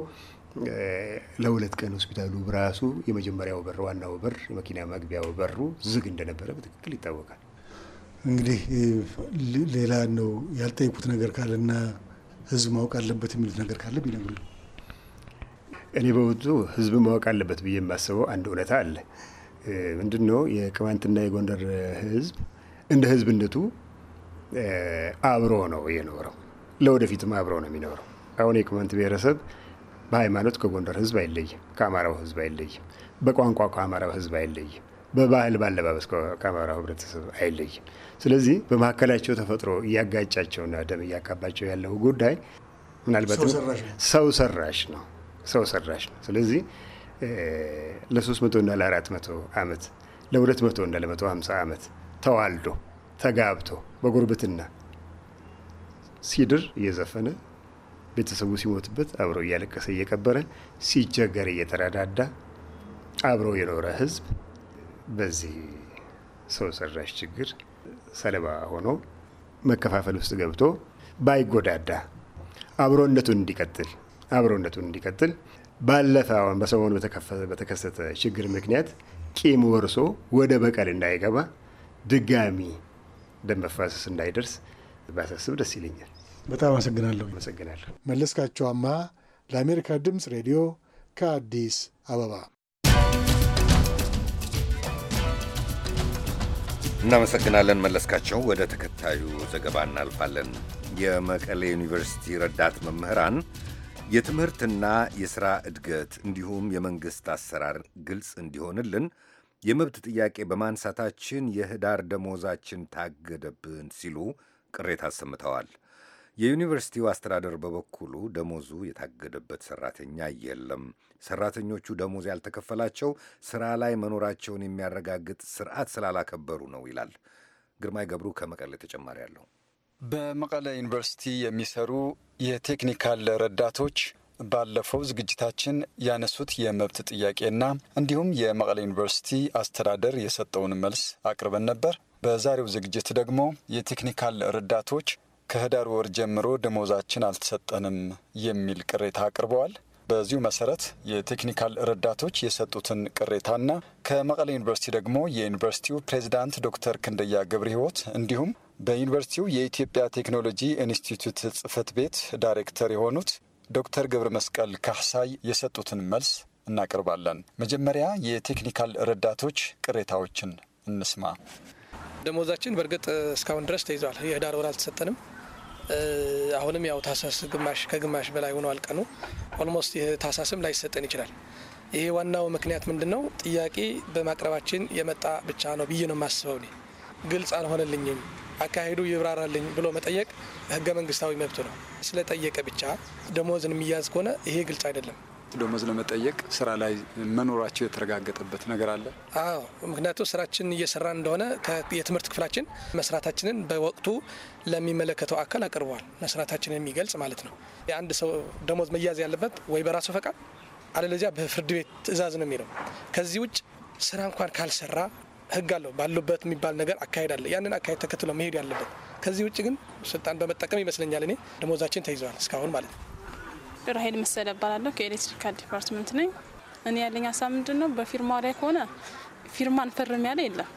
ለሁለት ቀን ሆስፒታሉ ራሱ የመጀመሪያው በር ዋናው በር የመኪና መግቢያው በሩ ዝግ እንደነበረ በትክክል ይታወቃል። እንግዲህ ሌላ ነው ያልጠየቁት ነገር ካለና ህዝብ ማወቅ አለበት የሚሉት ነገር ካለ ቢነግሩ። እኔ በወጡ ህዝብ ማወቅ አለበት ብዬ የማስበው አንድ እውነታ አለ። ምንድን ነው የቅማንትና የጎንደር ህዝብ እንደ ህዝብነቱ አብሮ ነው የኖረው፣ ለወደፊትም አብሮ ነው የሚኖረው። አሁን የቅማንት ብሔረሰብ በሃይማኖት ከጎንደር ህዝብ አይለይ፣ ከአማራው ህዝብ አይለይ፣ በቋንቋ ከአማራው ህዝብ አይለይ፣ በባህል ባለባበስ ከአማራው ህብረተሰብ አይለይ። ስለዚህ በመካከላቸው ተፈጥሮ እያጋጫቸውና ደም እያካባቸው ያለው ጉዳይ ምናልባት ሰው ሰራሽ ነው፣ ሰው ሰራሽ ነው። ስለዚህ ለሶስት መቶ እና ለአራት መቶ ዓመት ለሁለት መቶ እና ለመቶ ሀምሳ ዓመት ተዋልዶ ተጋብቶ በጉርብትና ሲድር እየዘፈነ ቤተሰቡ ሲሞትበት አብሮ እያለቀሰ እየቀበረ ሲቸገር እየተረዳዳ አብሮ የኖረ ህዝብ በዚህ ሰው ሰራሽ ችግር ሰለባ ሆኖ መከፋፈል ውስጥ ገብቶ ባይጎዳዳ አብሮነቱን እንዲቀጥል አብሮነቱን እንዲቀጥል ባለፈ አሁን በሰሞኑ በተከሰተ ችግር ምክንያት ቂም ወርሶ ወደ በቀል እንዳይገባ ድጋሚ ደም መፋሰስ እንዳይደርስ ባሳስብ ደስ ይለኛል። በጣም አመሰግናለሁ። አመሰግናለሁ። መለስካቸው አማሃ ለአሜሪካ ድምፅ ሬዲዮ ከአዲስ አበባ እናመሰግናለን መለስካቸው። ወደ ተከታዩ ዘገባ እናልፋለን። የመቀሌ ዩኒቨርሲቲ ረዳት መምህራን የትምህርትና የሥራ እድገት እንዲሁም የመንግሥት አሰራር ግልጽ እንዲሆንልን የመብት ጥያቄ በማንሳታችን የህዳር ደሞዛችን ታገደብን ሲሉ ቅሬታ አሰምተዋል። የዩኒቨርሲቲው አስተዳደር በበኩሉ ደሞዙ የታገደበት ሰራተኛ የለም፣ ሰራተኞቹ ደሞዝ ያልተከፈላቸው ስራ ላይ መኖራቸውን የሚያረጋግጥ ስርዓት ስላላከበሩ ነው ይላል። ግርማይ ገብሩ ከመቀሌ ተጨማሪ አለው። በመቀለ ዩኒቨርሲቲ የሚሰሩ የቴክኒካል ረዳቶች ባለፈው ዝግጅታችን ያነሱት የመብት ጥያቄና እንዲሁም የመቀለ ዩኒቨርሲቲ አስተዳደር የሰጠውን መልስ አቅርበን ነበር። በዛሬው ዝግጅት ደግሞ የቴክኒካል ረዳቶች ከህዳር ወር ጀምሮ ደሞዛችን አልተሰጠንም የሚል ቅሬታ አቅርበዋል። በዚሁ መሰረት የቴክኒካል ረዳቶች የሰጡትን ቅሬታና ከመቀሌ ዩኒቨርሲቲ ደግሞ የዩኒቨርሲቲው ፕሬዚዳንት ዶክተር ክንደያ ገብረ ህይወት እንዲሁም በዩኒቨርሲቲው የኢትዮጵያ ቴክኖሎጂ ኢንስቲትዩት ጽህፈት ቤት ዳይሬክተር የሆኑት ዶክተር ገብረ መስቀል ካህሳይ የሰጡትን መልስ እናቀርባለን። መጀመሪያ የቴክኒካል ረዳቶች ቅሬታዎችን እንስማ። ደሞዛችን በእርግጥ እስካሁን ድረስ ተይዟል። የህዳር ወር አልተሰጠንም። አሁንም ያው ታህሳስ ግማሽ ከግማሽ በላይ ሆኗል ቀኑ ኦልሞስት ይህ ታህሳስም ላይሰጠን ይችላል። ይሄ ዋናው ምክንያት ምንድን ነው? ጥያቄ በማቅረባችን የመጣ ብቻ ነው ብዬ ነው የማስበው። እኔ ግልጽ አልሆነልኝም፣ አካሄዱ ይብራራልኝ ብሎ መጠየቅ ህገ መንግስታዊ መብቱ ነው። ስለጠየቀ ብቻ ደሞዝን የሚያዝ ከሆነ ይሄ ግልጽ አይደለም። ደሞዝ ለመጠየቅ ስራ ላይ መኖራቸው የተረጋገጠበት ነገር አለ? አዎ፣ ምክንያቱም ስራችን እየሰራ እንደሆነ የትምህርት ክፍላችን መስራታችንን በወቅቱ ለሚመለከተው አካል አቅርቧል። መስራታችንን የሚገልጽ ማለት ነው። የአንድ ሰው ደሞዝ መያዝ ያለበት ወይ በራሱ ፈቃድ አለለዚያ በፍርድ ቤት ትዕዛዝ ነው የሚለው። ከዚህ ውጭ ስራ እንኳን ካልሰራ ህግ አለው ባሉበት የሚባል ነገር አካሄድ አለ። ያንን አካሄድ ተከትሎ መሄድ ያለበት። ከዚህ ውጭ ግን ስልጣን በመጠቀም ይመስለኛል እኔ ደሞዛችን ተይዘዋል እስካሁን ማለት ነው። ራሄል መሰለ እባላለሁ። ከኤሌክትሪካል ዲፓርትመንት ነኝ። እኔ ያለኝ ሀሳብ ምንድን ነው፣ በፊርማ ላይ ከሆነ ፊርማ እንፈርም ያለ የለም።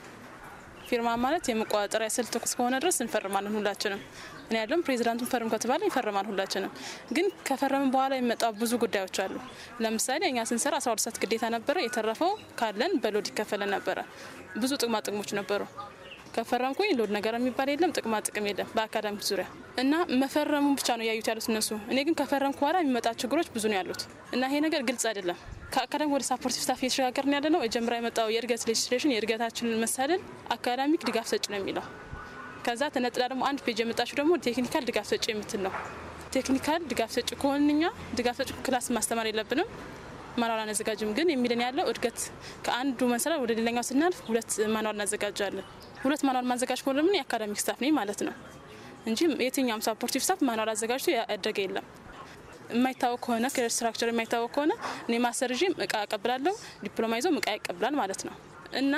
ፊርማ ማለት የመቆጣጠሪያ ስልት እስከሆነ ድረስ እንፈርማለን ሁላችንም። እኔ ያለውም ፕሬዚዳንቱን ፈርም ከተባለ ይፈርማል ሁላችንም። ግን ከፈረም በኋላ የሚመጣ ብዙ ጉዳዮች አሉ። ለምሳሌ እኛ ስንሰራ 12 ሰዓት ግዴታ ነበረ። የተረፈው ካለን በሎድ ይከፈለን ነበረ። ብዙ ጥቅማ ጥቅሞች ነበሩ። ከፈረምኩኝ ሎድ ነገር የሚባል የለም፣ ጥቅማ ጥቅም የለም በአካዳሚክ ዙሪያ እና መፈረሙን ብቻ ነው ያዩት ያሉት እነሱ። እኔ ግን ከፈረምኩ በኋላ የሚመጣ ችግሮች ብዙ ነው ያሉት እና ይሄ ነገር ግልጽ አይደለም። ከአካዳሚክ ወደ ሳፖርቲቭ ስታፍ እየተሸጋገርን ያለ ነው። የጀምራ የመጣው የእድገት ሌጅስሌሽን የእድገታችንን መሳደል አካዳሚክ ድጋፍ ሰጭ ነው የሚለው ከዛ ተነጥላ ደግሞ አንድ ፔጅ የመጣችሁ ደግሞ ቴክኒካል ድጋፍ ሰጭ የምትል ነው። ቴክኒካል ድጋፍ ሰጭ ከሆንኛ ድጋፍ ሰጭ ክላስ ማስተማር የለብንም ማንዋል አናዘጋጅም። ግን የሚለን ያለው እድገት ከአንዱ መሰረት ወደ ሌላኛው ስናልፍ ሁለት ማንዋል እናዘጋጃለን። ሁለት ማኗል ማዘጋጅ ከሆነ ደግሞ የአካዳሚክ ስታፍ ነኝ ማለት ነው እንጂ የትኛውም ሳፖርቲቭ ስታፍ ማኗል አዘጋጅቶ ያደገ የለም። የማይታወቅ ከሆነ ክሬዲት ስትራክቸር የማይታወቅ ከሆነ እኔ ማሰር ይዤ እቃ ያቀብላለሁ፣ ዲፕሎማ ይዞ እቃ ያቀብላል ማለት ነው እና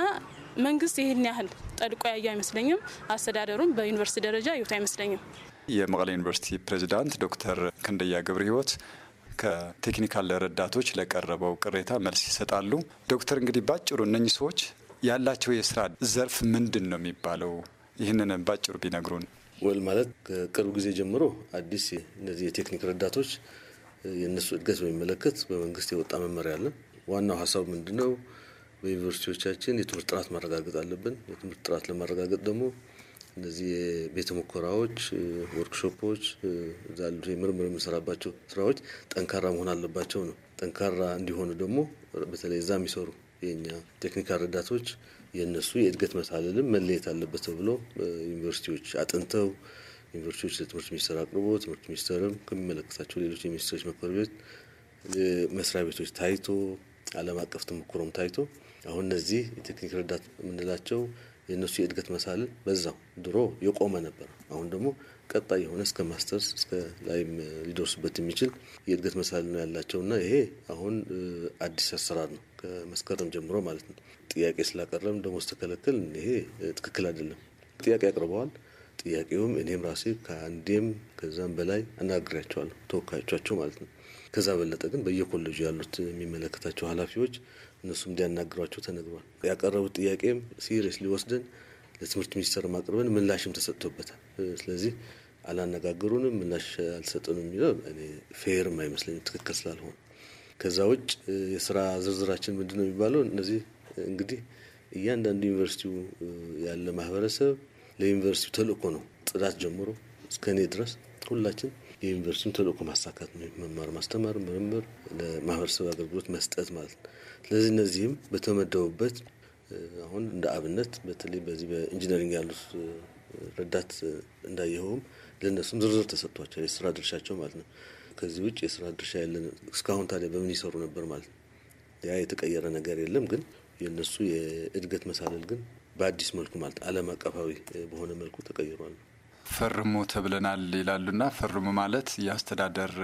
መንግስት ይህን ያህል ጠልቆ ያየ አይመስለኝም። አስተዳደሩም በዩኒቨርሲቲ ደረጃ ይወት አይመስለኝም። የመቀሌ ዩኒቨርሲቲ ፕሬዚዳንት ዶክተር ክንደያ ገብረ ህይወት ከቴክኒካል ረዳቶች ለቀረበው ቅሬታ መልስ ይሰጣሉ። ዶክተር እንግዲህ ባጭሩ እነኚህ ሰዎች ያላቸው የስራ ዘርፍ ምንድን ነው የሚባለው? ይህንን ባጭሩ ቢነግሩን። ወል ማለት ከቅርብ ጊዜ ጀምሮ አዲስ እነዚህ የቴክኒክ ረዳቶች የእነሱ እድገት በሚመለከት በመንግስት የወጣ መመሪያ አለ። ዋናው ሀሳብ ምንድን ነው? በዩኒቨርሲቲዎቻችን የትምህርት ጥራት ማረጋገጥ አለብን። የትምህርት ጥራት ለማረጋገጥ ደግሞ እነዚህ የቤተ ሙከራዎች፣ ወርክሾፖች ዛሉ ምርምር የምንሰራባቸው ስራዎች ጠንካራ መሆን አለባቸው ነው። ጠንካራ እንዲሆኑ ደግሞ በተለይ እዛ የሚሰሩ የኛ ቴክኒካል ረዳቶች የእነሱ የእድገት መሳለልም መለየት አለበት ተብሎ ዩኒቨርሲቲዎች አጥንተው ዩኒቨርሲቲዎች ለትምህርት ሚኒስቴር አቅርቦ ትምህርት ሚኒስቴርም ከሚመለከታቸው ሌሎች የሚኒስትሮች ምክር ቤት መስሪያ ቤቶች ታይቶ ዓለም አቀፍ ተሞክሮም ታይቶ አሁን እነዚህ የቴክኒክ ረዳት የምንላቸው የእነሱ የእድገት መሳልል በዛው ድሮ የቆመ ነበር። አሁን ደግሞ ቀጣይ የሆነ እስከ ማስተርስ እስከ ላይም ሊደርሱበት የሚችል የእድገት መሳልል ነው ያላቸው ይሄ አሁን አዲስ አሰራር ነው። ከመስከረም ጀምሮ ማለት ነው። ጥያቄ ስላቀረም ደሞዝ ተከለከል፣ ይሄ ትክክል አይደለም። ጥያቄ አቅርበዋል። ጥያቄውም እኔም ራሴ ከአንዴም ከዛም በላይ አናግሬያቸዋለሁ፣ ተወካዮቻቸው ማለት ነው። ከዛ በለጠ ግን በየኮሌጁ ያሉት የሚመለከታቸው ኃላፊዎች እነሱም እንዲያናግሯቸው ተነግሯል። ያቀረቡት ጥያቄም ሲሪየስሊ ሊወስደን ለትምህርት ሚኒስቴር አቅርበን ምላሽም ተሰጥቶበታል። ስለዚህ አላነጋገሩንም፣ ምላሽ አልሰጥንም የሚለው እኔ ፌርም አይመስለኝም ትክክል ስላልሆነ ከዛ ውጭ የስራ ዝርዝራችን ምንድን ነው የሚባለው? እነዚህ እንግዲህ እያንዳንዱ ዩኒቨርሲቲው ያለ ማህበረሰብ ለዩኒቨርሲቲው ተልእኮ ነው። ጽዳት ጀምሮ እስከ እኔ ድረስ ሁላችን የዩኒቨርሲቲውን ተልእኮ ማሳካት ነው። መማር ማስተማር፣ ምርምር፣ ለማህበረሰብ አገልግሎት መስጠት ማለት ነው። ስለዚህ እነዚህም በተመደቡበት አሁን እንደ አብነት በተለይ በዚህ በኢንጂነሪንግ ያሉት ረዳት እንዳየኸውም ለእነሱም ዝርዝር ተሰጥቷቸው የስራ ድርሻቸው ማለት ነው። ከዚህ ውጭ የስራ ድርሻ ያለን እስካሁን ታዲያ በምን ይሰሩ ነበር ማለት ነው። ያ የተቀየረ ነገር የለም። ግን የእነሱ የእድገት መሳለል ግን በአዲስ መልኩ ማለት ዓለም አቀፋዊ በሆነ መልኩ ተቀይሯል። ፈርሙ ተብለናል ይላሉና ፈርሙ ማለት የአስተዳደር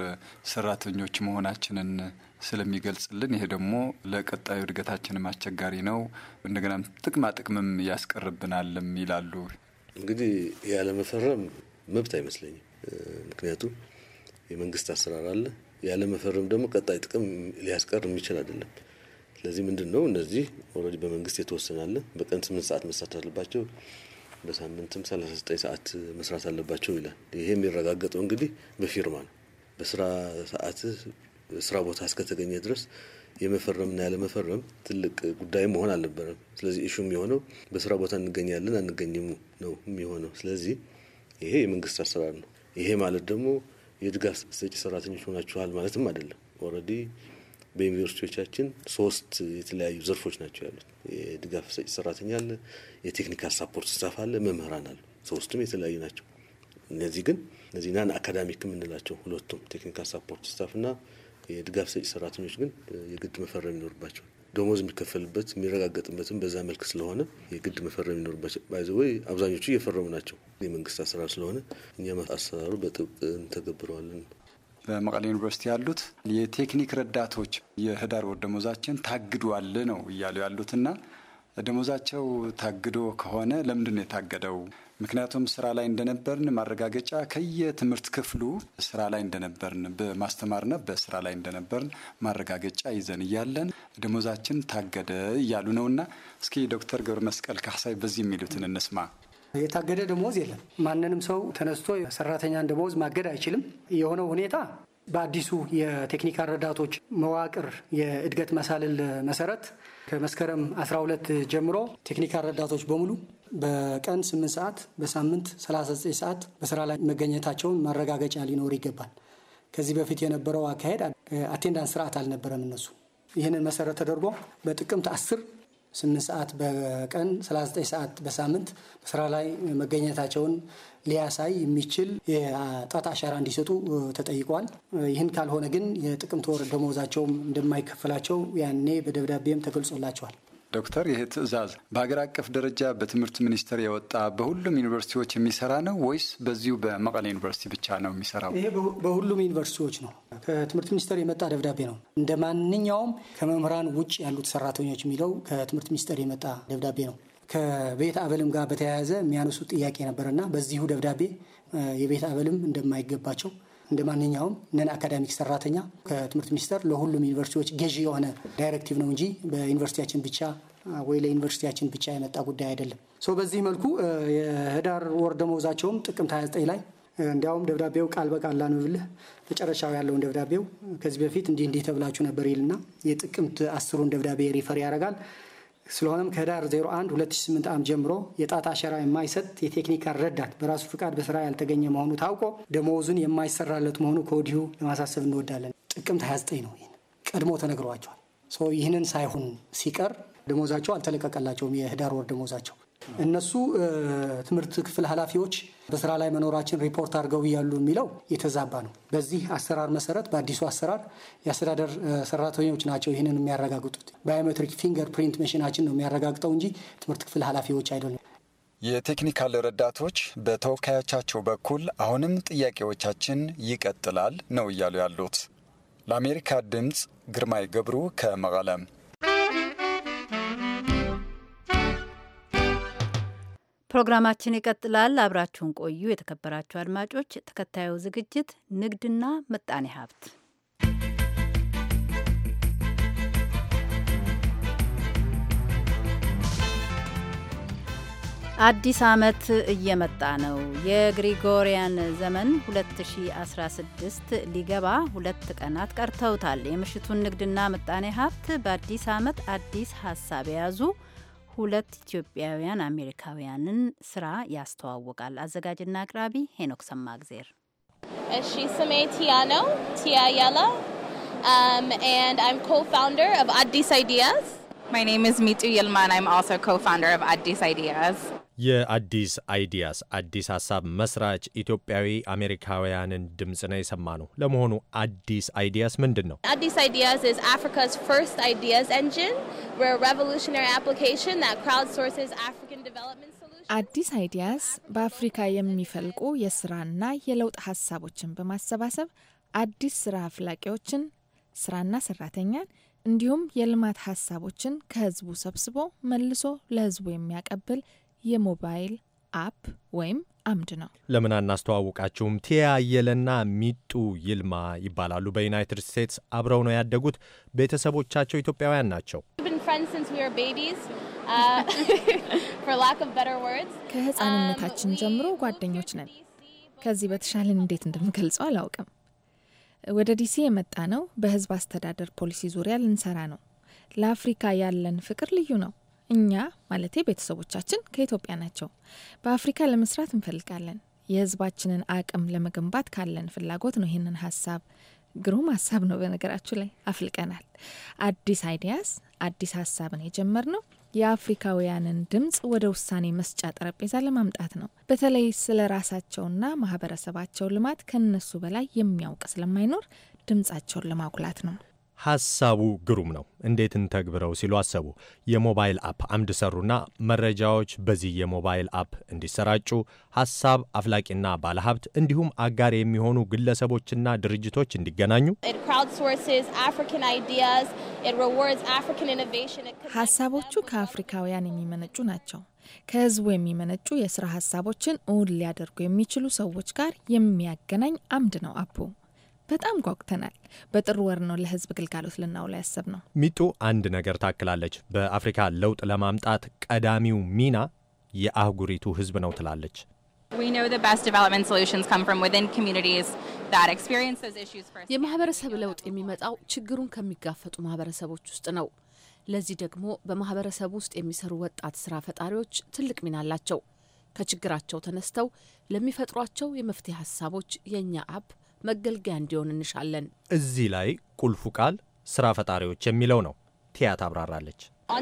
ሰራተኞች መሆናችንን ስለሚገልጽልን ይሄ ደግሞ ለቀጣዩ እድገታችንም አስቸጋሪ ነው፣ እንደገናም ጥቅማ ጥቅምም ያስቀርብናልም ይላሉ። እንግዲህ ያለመፈረም መብት አይመስለኝም። ምክንያቱም የመንግስት አሰራር አለ። ያለ መፈረም ደግሞ ቀጣይ ጥቅም ሊያስቀር የሚችል አይደለም። ስለዚህ ምንድን ነው እነዚህ ኦልሬዲ በመንግስት የተወሰናለ በቀን ስምንት ሰዓት መስራት አለባቸው፣ በሳምንትም ሰላሳ ዘጠኝ ሰዓት መስራት አለባቸው ይላል። ይሄ የሚረጋገጠው እንግዲህ በፊርማ ነው። በስራ ሰዓት ስራ ቦታ እስከተገኘ ድረስ የመፈረምና ያለመፈረም ትልቅ ጉዳይ መሆን አልነበረም። ስለዚህ እሹ የሚሆነው በስራ ቦታ እንገኛለን አንገኝም ነው የሚሆነው። ስለዚህ ይሄ የመንግስት አሰራር ነው። ይሄ ማለት ደግሞ የድጋፍ ሰጪ ሰራተኞች ሆናችኋል ማለትም አይደለም። ኦልሬዲ በዩኒቨርሲቲዎቻችን ሶስት የተለያዩ ዘርፎች ናቸው ያሉት። የድጋፍ ሰጪ ሰራተኛ አለ፣ የቴክኒካል ሳፖርት ስታፍ አለ፣ መምህራን አሉ። ሶስቱም የተለያዩ ናቸው። እነዚህ ግን እነዚህ ናን አካዳሚክ የምንላቸው ሁለቱም ቴክኒካል ሳፖርት ስታፍና የድጋፍ ሰጪ ሰራተኞች ግን የግድ መፈረም ይኖርባቸዋል። ደሞዝ የሚከፈልበት የሚረጋገጥበትም በዛ መልክ ስለሆነ የግድ መፈረም ይኖርባቸው ባይዘወይ አብዛኞቹ እየፈረሙ ናቸው። የመንግስት አሰራር ስለሆነ እኛም አሰራሩ በጥብቅ እንተገብረዋለን። በመቀሌ ዩኒቨርሲቲ ያሉት የቴክኒክ ረዳቶች የህዳር ወር ደሞዛችን ታግዷል ነው እያሉ ያሉትና ደሞዛቸው ታግዶ ከሆነ ለምንድን ነው የታገደው? ምክንያቱም ስራ ላይ እንደነበርን ማረጋገጫ ከየትምህርት ክፍሉ ስራ ላይ እንደነበርን በማስተማርና በስራ ላይ እንደነበርን ማረጋገጫ ይዘን እያለን ደሞዛችን ታገደ እያሉ ነውና፣ እስኪ ዶክተር ገብረ መስቀል ካሳይ በዚህ የሚሉትን እንስማ። የታገደ ደሞዝ የለም። ማንንም ሰው ተነስቶ ሰራተኛን ደሞዝ ማገድ አይችልም። የሆነው ሁኔታ በአዲሱ የቴክኒካል ረዳቶች መዋቅር የእድገት መሳልል መሰረት ከመስከረም 12 ጀምሮ ቴክኒካል ረዳቶች በሙሉ በቀን 8 ሰዓት በሳምንት 39 ሰዓት በስራ ላይ መገኘታቸውን ማረጋገጫ ሊኖር ይገባል። ከዚህ በፊት የነበረው አካሄድ አቴንዳንስ ስርዓት አልነበረም። እነሱ ይህንን መሰረት ተደርጎ በጥቅምት 10 ስምንት ሰዓት በቀን 39 ሰዓት በሳምንት በስራ ላይ መገኘታቸውን ሊያሳይ የሚችል የጣት አሻራ እንዲሰጡ ተጠይቋል። ይህን ካልሆነ ግን የጥቅምት ወር ደመወዛቸውም እንደማይከፈላቸው ያኔ በደብዳቤም ተገልጾላቸዋል። ዶክተር ይህ ትዕዛዝ በሀገር አቀፍ ደረጃ በትምህርት ሚኒስቴር የወጣ በሁሉም ዩኒቨርሲቲዎች የሚሰራ ነው ወይስ በዚሁ በመቀሌ ዩኒቨርሲቲ ብቻ ነው የሚሰራው? ይሄ በሁሉም ዩኒቨርሲቲዎች ነው። ከትምህርት ሚኒስቴር የመጣ ደብዳቤ ነው። እንደ ማንኛውም ከመምህራን ውጭ ያሉት ሰራተኞች የሚለው ከትምህርት ሚኒስቴር የመጣ ደብዳቤ ነው። ከቤት አበልም ጋር በተያያዘ የሚያነሱት ጥያቄ ነበርና በዚሁ ደብዳቤ የቤት አበልም እንደማይገባቸው እንደ ማንኛውም ነን አካዳሚክ ሰራተኛ ከትምህርት ሚኒስቴር ለሁሉም ዩኒቨርሲቲዎች ገዢ የሆነ ዳይሬክቲቭ ነው እንጂ በዩኒቨርሲቲያችን ብቻ ወይ ለዩኒቨርሲቲያችን ብቻ የመጣ ጉዳይ አይደለም። ሶ በዚህ መልኩ የህዳር ወር ደመወዛቸውም ጥቅምት 29 ላይ እንዲያውም ደብዳቤው ቃል በቃል ላንብብልህ። መጨረሻው ያለውን ደብዳቤው ከዚህ በፊት እንዲህ እንዲህ ተብላችሁ ነበር ይልና የጥቅምት አስሩን ደብዳቤ ሪፈር ያደርጋል። ስለሆነም ከህዳር 01 2008 ዓም ጀምሮ የጣት አሸራ የማይሰጥ የቴክኒክ ረዳት በራሱ ፍቃድ በስራ ያልተገኘ መሆኑ ታውቆ ደሞዙን የማይሰራለት መሆኑ ከወዲሁ ለማሳሰብ እንወዳለን። ጥቅምት 29 ነው። ይህን ቀድሞ ተነግሯቸዋል። ይህንን ሳይሆን ሲቀር ደሞዛቸው አልተለቀቀላቸውም። የህዳር ወር ደሞዛቸው እነሱ ትምህርት ክፍል ኃላፊዎች በስራ ላይ መኖራችን ሪፖርት አድርገው እያሉ የሚለው የተዛባ ነው። በዚህ አሰራር መሰረት በአዲሱ አሰራር የአስተዳደር ሰራተኞች ናቸው ይህንን የሚያረጋግጡት። ባዮሜትሪክ ፊንገር ፕሪንት መሽናችን ነው የሚያረጋግጠው እንጂ ትምህርት ክፍል ኃላፊዎች አይደሉም። የቴክኒካል ረዳቶች በተወካዮቻቸው በኩል አሁንም ጥያቄዎቻችን ይቀጥላል ነው እያሉ ያሉት። ለአሜሪካ ድምፅ ግርማይ ገብሩ ከመቀለም ፕሮግራማችን ይቀጥላል። አብራችሁን ቆዩ። የተከበራችሁ አድማጮች፣ ተከታዩ ዝግጅት ንግድና ምጣኔ ሀብት አዲስ ዓመት እየመጣ ነው። የግሪጎሪያን ዘመን 2016 ሊገባ ሁለት ቀናት ቀርተውታል። የምሽቱን ንግድና ምጣኔ ሀብት በአዲስ ዓመት አዲስ ሀሳብ የያዙ ሁለት ኢትዮጵያውያን አሜሪካውያንን ስራ ያስተዋውቃል። አዘጋጅና አቅራቢ ሄኖክ ሰማ እግዜር። እሺ፣ ስሜ ቲያ ነው። ቲያ ያላ and I'm co-founder of Addis Ideas. My name is Mitu Yilman. I'm also co-founder of Addis Ideas. የአዲስ አይዲያስ አዲስ ሀሳብ መስራች ኢትዮጵያዊ አሜሪካውያንን ድምፅ ነው የሰማ ነው። ለመሆኑ አዲስ አይዲያስ ምንድን ነው? አዲስ አይዲያስ አፍሪካስ ፈርስት አይዲያስ ኤንጂን አፕሊኬሽን ክራውድ አፍሪካን ዲቨሎፕመንት አዲስ አይዲያስ በአፍሪካ የሚፈልቁ የስራና የለውጥ ሀሳቦችን በማሰባሰብ አዲስ ስራ አፍላቂዎችን፣ ስራና ሰራተኛን እንዲሁም የልማት ሀሳቦችን ከህዝቡ ሰብስቦ መልሶ ለህዝቡ የሚያቀብል የሞባይል አፕ ወይም አምድ ነው። ለምን አናስተዋውቃችሁም? ቲያ አየለና ሚጡ ይልማ ይባላሉ። በዩናይትድ ስቴትስ አብረው ነው ያደጉት። ቤተሰቦቻቸው ኢትዮጵያውያን ናቸው። uh, ከህፃንነታችን um, ጀምሮ ጓደኞች ነን። ከዚህ በተሻለን እንዴት እንደምገልጸው አላውቅም። ወደ ዲሲ የመጣ ነው በህዝብ አስተዳደር ፖሊሲ ዙሪያ ልንሰራ ነው። ለአፍሪካ ያለን ፍቅር ልዩ ነው። እኛ ማለቴ ቤተሰቦቻችን ከኢትዮጵያ ናቸው። በአፍሪካ ለመስራት እንፈልጋለን። የህዝባችንን አቅም ለመገንባት ካለን ፍላጎት ነው። ይህንን ሀሳብ ግሩም ሀሳብ ነው። በነገራችሁ ላይ አፍልቀናል። አዲስ አይዲያስ አዲስ ሀሳብን የጀመር ነው። የአፍሪካውያንን ድምፅ ወደ ውሳኔ መስጫ ጠረጴዛ ለማምጣት ነው። በተለይ ስለ ራሳቸውና ማህበረሰባቸው ልማት ከነሱ በላይ የሚያውቅ ስለማይኖር ድምጻቸውን ለማጉላት ነው። ሐሳቡ ግሩም ነው፣ እንዴት እንተግብረው ሲሉ አሰቡ። የሞባይል አፕ አምድ ሰሩና መረጃዎች በዚህ የሞባይል አፕ እንዲሰራጩ ሐሳብ አፍላቂና ባለሀብት እንዲሁም አጋር የሚሆኑ ግለሰቦችና ድርጅቶች እንዲገናኙ ሐሳቦቹ ከአፍሪካውያን የሚመነጩ ናቸው። ከህዝቡ የሚመነጩ የስራ ሀሳቦችን እውን ሊያደርጉ የሚችሉ ሰዎች ጋር የሚያገናኝ አምድ ነው አፑ። በጣም ጓጉተናል። በጥሩ ወር ነው ለህዝብ ግልጋሎት ልናውላ ያሰብ ነው። ሚጡ አንድ ነገር ታክላለች። በአፍሪካ ለውጥ ለማምጣት ቀዳሚው ሚና የአህጉሪቱ ህዝብ ነው ትላለች። የማህበረሰብ ለውጥ የሚመጣው ችግሩን ከሚጋፈጡ ማህበረሰቦች ውስጥ ነው። ለዚህ ደግሞ በማህበረሰብ ውስጥ የሚሰሩ ወጣት ስራ ፈጣሪዎች ትልቅ ሚና አላቸው። ከችግራቸው ተነስተው ለሚፈጥሯቸው የመፍትሄ ሀሳቦች የእኛ አብ መገልገያ እንዲሆን እንሻለን። እዚህ ላይ ቁልፉ ቃል ስራ ፈጣሪዎች የሚለው ነው። ቲያ ታብራራለች። uh,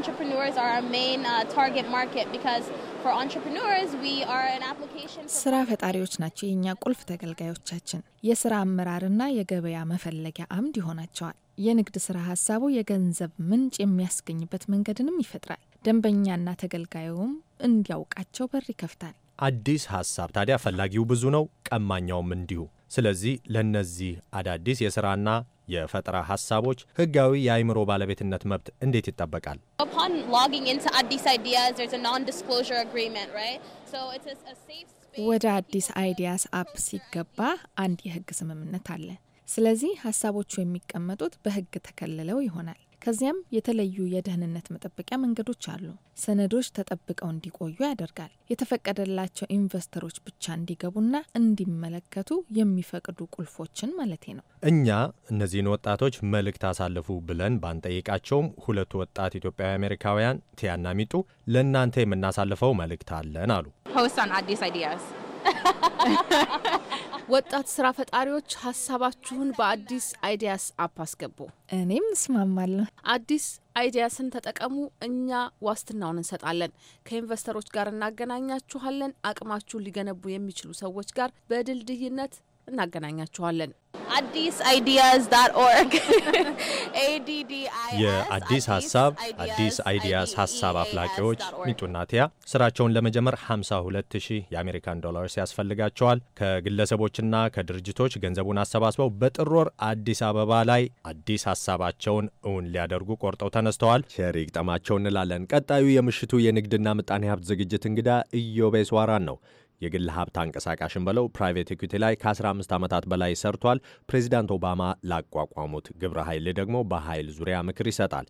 ስራ ፈጣሪዎች ናቸው የእኛ ቁልፍ ተገልጋዮቻችን። የስራ አመራርና የገበያ መፈለጊያ አምድ ይሆናቸዋል። የንግድ ስራ ሀሳቡ የገንዘብ ምንጭ የሚያስገኝበት መንገድንም ይፈጥራል። ደንበኛና ተገልጋዩም እንዲያውቃቸው በር ይከፍታል። አዲስ ሀሳብ ታዲያ ፈላጊው ብዙ ነው፣ ቀማኛውም እንዲሁ። ስለዚህ ለእነዚህ አዳዲስ የሥራና የፈጠራ ሀሳቦች ህጋዊ የአይምሮ ባለቤትነት መብት እንዴት ይጠበቃል? ወደ አዲስ አይዲያስ አፕ ሲገባ አንድ የህግ ስምምነት አለ። ስለዚህ ሀሳቦቹ የሚቀመጡት በህግ ተከልለው ይሆናል። ከዚያም የተለዩ የደህንነት መጠበቂያ መንገዶች አሉ። ሰነዶች ተጠብቀው እንዲቆዩ ያደርጋል። የተፈቀደላቸው ኢንቨስተሮች ብቻ እንዲገቡና እንዲመለከቱ የሚፈቅዱ ቁልፎችን ማለቴ ነው። እኛ እነዚህን ወጣቶች መልእክት አሳልፉ ብለን ባንጠይቃቸውም ሁለቱ ወጣት ኢትዮጵያዊ አሜሪካውያን ቲያና ሚጡ ለእናንተ የምናሳልፈው መልእክት አለን አሉ። ሆስት አዲስ አይዲያስ ወጣት ስራ ፈጣሪዎች ሀሳባችሁን በአዲስ አይዲያስ አፕ አስገቡ። እኔም እስማማለሁ። አዲስ አይዲያስን ተጠቀሙ። እኛ ዋስትናውን እንሰጣለን። ከኢንቨስተሮች ጋር እናገናኛችኋለን። አቅማችሁን ሊገነቡ የሚችሉ ሰዎች ጋር በድልድይነት እናገናኛችኋለን። አዲስ የአዲስ ሀሳብ አዲስ አይዲያስ ሀሳብ e አፍላቂዎች ሚጡና ቲያ ስራቸውን ለመጀመር 52 ሺህ የአሜሪካን ዶላርስ ያስፈልጋቸዋል። ከግለሰቦችና ከድርጅቶች ገንዘቡን አሰባስበው በጥር ወር አዲስ አበባ ላይ አዲስ ሀሳባቸውን እውን ሊያደርጉ ቆርጠው ተነስተዋል። ቸር ይግጠማቸው እንላለን። ቀጣዩ የምሽቱ የንግድና ምጣኔ ሀብት ዝግጅት እንግዳ ኢዮቤስ ዋራን ነው። የግል ሀብት አንቀሳቃሽን ብለው ፕራይቬት ኢኩቲ ላይ ከ15 ዓመታት በላይ ሰርቷል። ፕሬዚዳንት ኦባማ ላቋቋሙት ግብረ ኃይል ደግሞ በኃይል ዙሪያ ምክር ይሰጣል።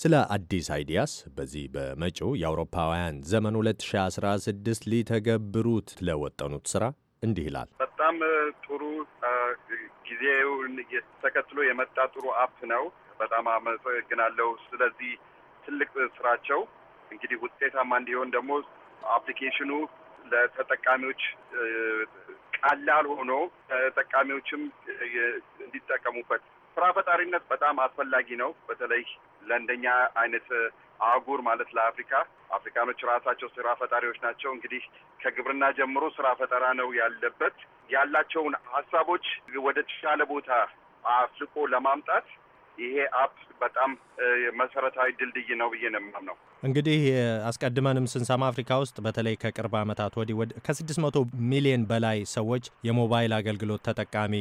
ስለ አዲስ አይዲያስ በዚህ በመጪው የአውሮፓውያን ዘመን 2016 ሊተገብሩት ለወጠኑት ስራ እንዲህ ይላል። በጣም ጥሩ ጊዜውን ተከትሎ የመጣ ጥሩ አፕ ነው። በጣም አመሰግናለሁ። ስለዚህ ትልቅ ስራቸው እንግዲህ ውጤታማ እንዲሆን ደግሞ አፕሊኬሽኑ ለተጠቃሚዎች ቀላል ሆኖ ተጠቃሚዎችም እንዲጠቀሙበት ስራ ፈጣሪነት በጣም አስፈላጊ ነው። በተለይ ለእንደኛ አይነት አህጉር ማለት ለአፍሪካ አፍሪካኖች ራሳቸው ስራ ፈጣሪዎች ናቸው። እንግዲህ ከግብርና ጀምሮ ስራ ፈጠራ ነው ያለበት። ያላቸውን ሀሳቦች ወደ ተሻለ ቦታ አፍልቆ ለማምጣት ይሄ አፕ በጣም መሰረታዊ ድልድይ ነው ብዬ ነው የማምነው። እንግዲህ አስቀድመንም ስንሰማ አፍሪካ ውስጥ በተለይ ከቅርብ ዓመታት ወዲህ ከ600 ሚሊዮን በላይ ሰዎች የሞባይል አገልግሎት ተጠቃሚ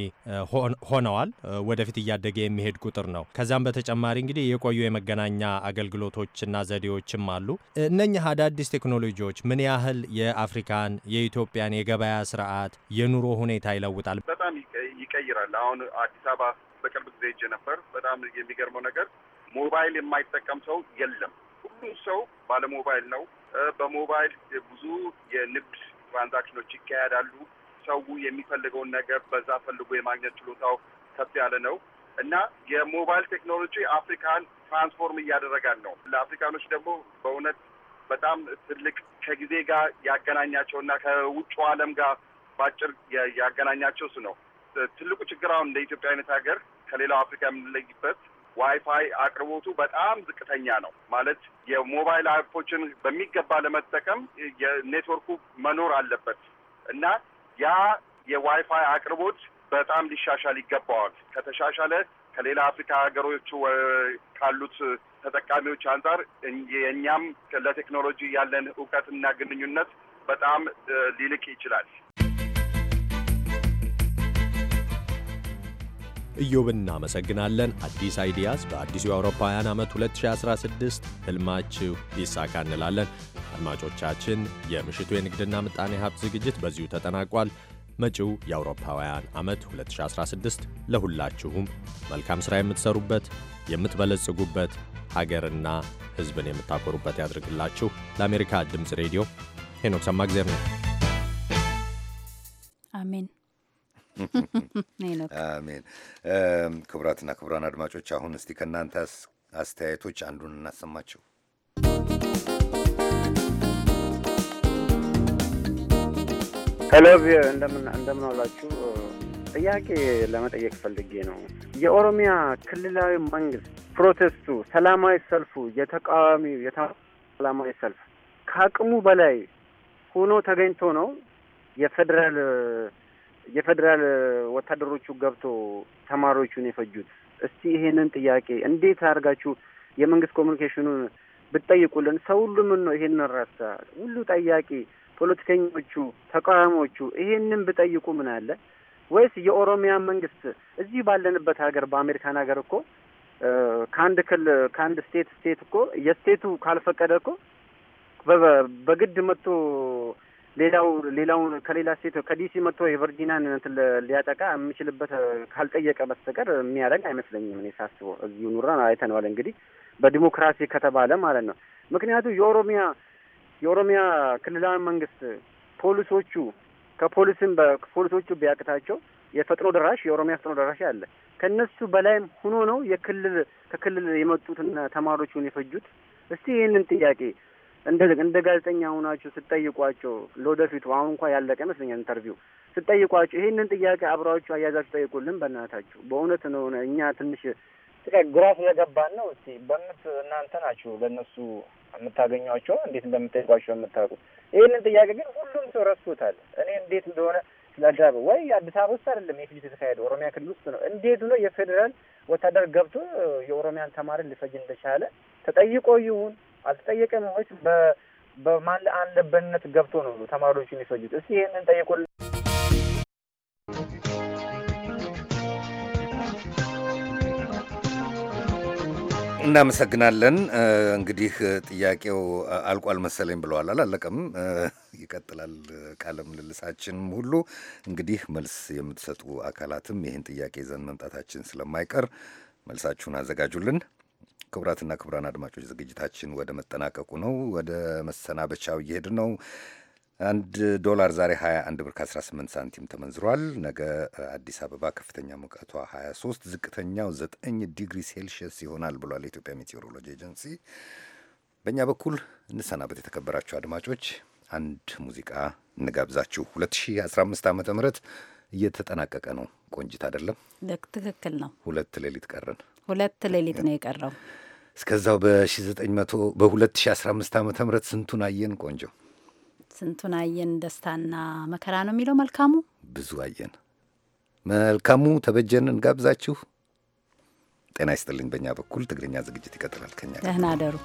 ሆነዋል። ወደፊት እያደገ የሚሄድ ቁጥር ነው። ከዚያም በተጨማሪ እንግዲህ የቆዩ የመገናኛ አገልግሎቶችና ዘዴዎችም አሉ። እነኚህ አዳዲስ ቴክኖሎጂዎች ምን ያህል የአፍሪካን የኢትዮጵያን የገበያ ስርዓት የኑሮ ሁኔታ ይለውጣል? በጣም ይቀይራል። አሁን አዲስ አበባ በቅርብ ጊዜ ሄጄ ነበር። በጣም የሚገርመው ነገር ሞባይል የማይጠቀም ሰው የለም። ሁሉም ሰው ባለ ሞባይል ነው። በሞባይል ብዙ የንግድ ትራንዛክሽኖች ይካሄዳሉ። ሰው የሚፈልገውን ነገር በዛ ፈልጎ የማግኘት ችሎታው ከፍ ያለ ነው እና የሞባይል ቴክኖሎጂ አፍሪካን ትራንስፎርም እያደረጋል ነው። ለአፍሪካኖች ደግሞ በእውነት በጣም ትልቅ ከጊዜ ጋር ያገናኛቸው እና ከውጭ ዓለም ጋር በአጭር ያገናኛቸው እሱ ነው። ትልቁ ችግር አሁን እንደ ኢትዮጵያ አይነት ሀገር ከሌላው አፍሪካ የምንለይበት ዋይፋይ አቅርቦቱ በጣም ዝቅተኛ ነው። ማለት የሞባይል አፖችን በሚገባ ለመጠቀም የኔትወርኩ መኖር አለበት እና ያ የዋይፋይ አቅርቦት በጣም ሊሻሻል ይገባዋል። ከተሻሻለ ከሌላ አፍሪካ ሀገሮች ካሉት ተጠቃሚዎች አንጻር የእኛም ለቴክኖሎጂ ያለን እውቀትና ግንኙነት በጣም ሊልቅ ይችላል። ኢዮብን እናመሰግናለን። አዲስ አይዲያስ በአዲሱ የአውሮፓውያን ዓመት 2016 ህልማችሁ ይሳካ እንላለን። አድማጮቻችን፣ የምሽቱ የንግድና ምጣኔ ሀብት ዝግጅት በዚሁ ተጠናቋል። መጪው የአውሮፓውያን ዓመት 2016 ለሁላችሁም መልካም ሥራ የምትሰሩበት የምትበለጽጉበት፣ ሀገርና ሕዝብን የምታኮሩበት ያድርግላችሁ። ለአሜሪካ ድምፅ ሬዲዮ ሄኖክ ሰማግዜር ነው። አሜን። አሜን። ክቡራትና ክቡራን አድማጮች አሁን እስቲ ከእናንተ አስተያየቶች አንዱን እናሰማቸው። ሄሎ እንደምን ጥያቄ ለመጠየቅ ፈልጌ ነው። የኦሮሚያ ክልላዊ መንግስት ፕሮቴስቱ፣ ሰላማዊ ሰልፉ፣ የተቃዋሚው ሰላማዊ ሰልፍ ከአቅሙ በላይ ሆኖ ተገኝቶ ነው የፌዴራል የፌዴራል ወታደሮቹ ገብቶ ተማሪዎቹን የፈጁት። እስቲ ይሄንን ጥያቄ እንዴት አድርጋችሁ የመንግስት ኮሚኒኬሽኑን ብትጠይቁልን። ሰው ሁሉ ምን ነው ይሄንን ረሳ? ሁሉ ጠያቂ ፖለቲከኞቹ፣ ተቃዋሚዎቹ ይሄንን ብጠይቁ ምን አለ? ወይስ የኦሮሚያ መንግስት እዚህ ባለንበት ሀገር በአሜሪካን ሀገር እኮ ከአንድ ክል ከአንድ ስቴት ስቴት እኮ የስቴቱ ካልፈቀደ እኮ በግድ መጥቶ ሌላው ሌላው ከሌላ ሴት ከዲሲ መጥቶ የቨርጂናን ሊያጠቃ የሚችልበት ካልጠየቀ በስተቀር የሚያደርግ አይመስለኝም። እኔ ሳስበው እዚሁ ኑረን አይተነዋል። እንግዲህ በዲሞክራሲ ከተባለ ማለት ነው። ምክንያቱም የኦሮሚያ የኦሮሚያ ክልላዊ መንግስት ፖሊሶቹ ከፖሊስም ፖሊሶቹ ቢያቅታቸው የፈጥኖ ደራሽ የኦሮሚያ ፈጥኖ ደራሽ አለ። ከእነሱ በላይም ሆኖ ነው የክልል ከክልል የመጡትና ተማሪዎቹን የፈጁት። እስቲ ይህንን ጥያቄ እንደ እንደ ጋዜጠኛ ሆናችሁ ስትጠይቋቸው ለወደፊቱ አሁን እንኳ ያለቀ ይመስለኛል ኢንተርቪው ስትጠይቋቸው ይህንን ጥያቄ አብራችሁ አያዛችሁ ጠይቁልን በእናታችሁ። በእውነት ነው እኛ ትንሽ ግራ ስለገባን ነው። እስቲ በምት እናንተ ናችሁ ለእነሱ የምታገኟቸው እንዴት እንደምጠይቋቸው የምታውቁት። ይህንን ጥያቄ ግን ሁሉም ሰው ረስቶታል። እኔ እንዴት እንደሆነ ስለዳበ ወይ አዲስ አበባ ውስጥ አይደለም የፊት የተካሄደ ኦሮሚያ ክልል ውስጥ ነው። እንዴት ነው የፌዴራል ወታደር ገብቶ የኦሮሚያን ተማሪ ሊፈጅ እንደቻለ ተጠይቆ ይሁን አልተጠየቀም ወይስ በማን አለበነት ገብቶ ነው ተማሪዎች የሚፈጁት? እስኪ ይህንን ጠይቁልን። እናመሰግናለን። እንግዲህ ጥያቄው አልቋል መሰለኝ ብለዋል። አላለቀም፣ ይቀጥላል ቃለ ምልልሳችን ሁሉ። እንግዲህ መልስ የምትሰጡ አካላትም ይህን ጥያቄ ይዘን መምጣታችን ስለማይቀር መልሳችሁን አዘጋጁልን። ክቡራትና ክቡራን አድማጮች ዝግጅታችን ወደ መጠናቀቁ ነው። ወደ መሰናበቻው እየሄድ ነው። አንድ ዶላር ዛሬ 21 ብር ከ18 ሳንቲም ተመንዝሯል። ነገ አዲስ አበባ ከፍተኛ ሙቀቷ 23፣ ዝቅተኛው 9 ዲግሪ ሴልሽየስ ይሆናል ብሏል የኢትዮጵያ ሜቴዎሮሎጂ ኤጀንሲ። በእኛ በኩል እንሰናበት። የተከበራችሁ አድማጮች አንድ ሙዚቃ እንጋብዛችሁ። 2015 ዓ ም እየተጠናቀቀ ነው። ቆንጅት አይደለም? ትክክል ነው። ሁለት ሌሊት ቀረን። ሁለት ሌሊት ነው የቀረው። እስከዛው በ1900 በ2015 ዓ ም ስንቱን አየን ቆንጆ ስንቱን አየን ደስታና መከራ ነው የሚለው መልካሙ። ብዙ አየን መልካሙ ተበጀን እንጋብዛችሁ። ጤና ይስጥልኝ። በእኛ በኩል ትግርኛ ዝግጅት ይቀጥላል። ከኛ ደህና ደሩ።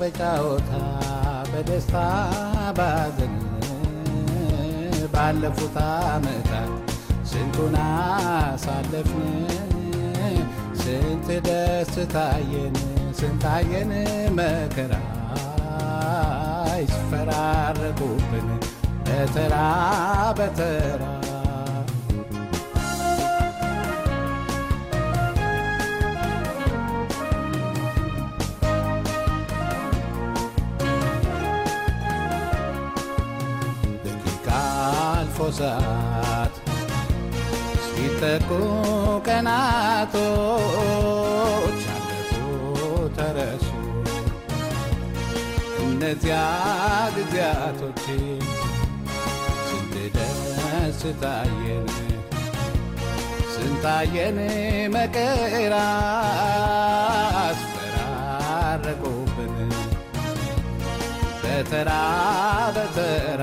በጫወታ በደስታ ባዘን ባለፉት ዓመታት ስንቱን አሳለፍን ስንት ደስ ታየን ስንታየን መከራ ይስፈራረቁብን በተራ በተራ ሞዛት ሲጠቁ ቀናቶች አለፉ ተረሱ እነዚያ ጊዜያቶች ስንት ስንታየን መከራ አስፈራረቁብን በተራ በተራ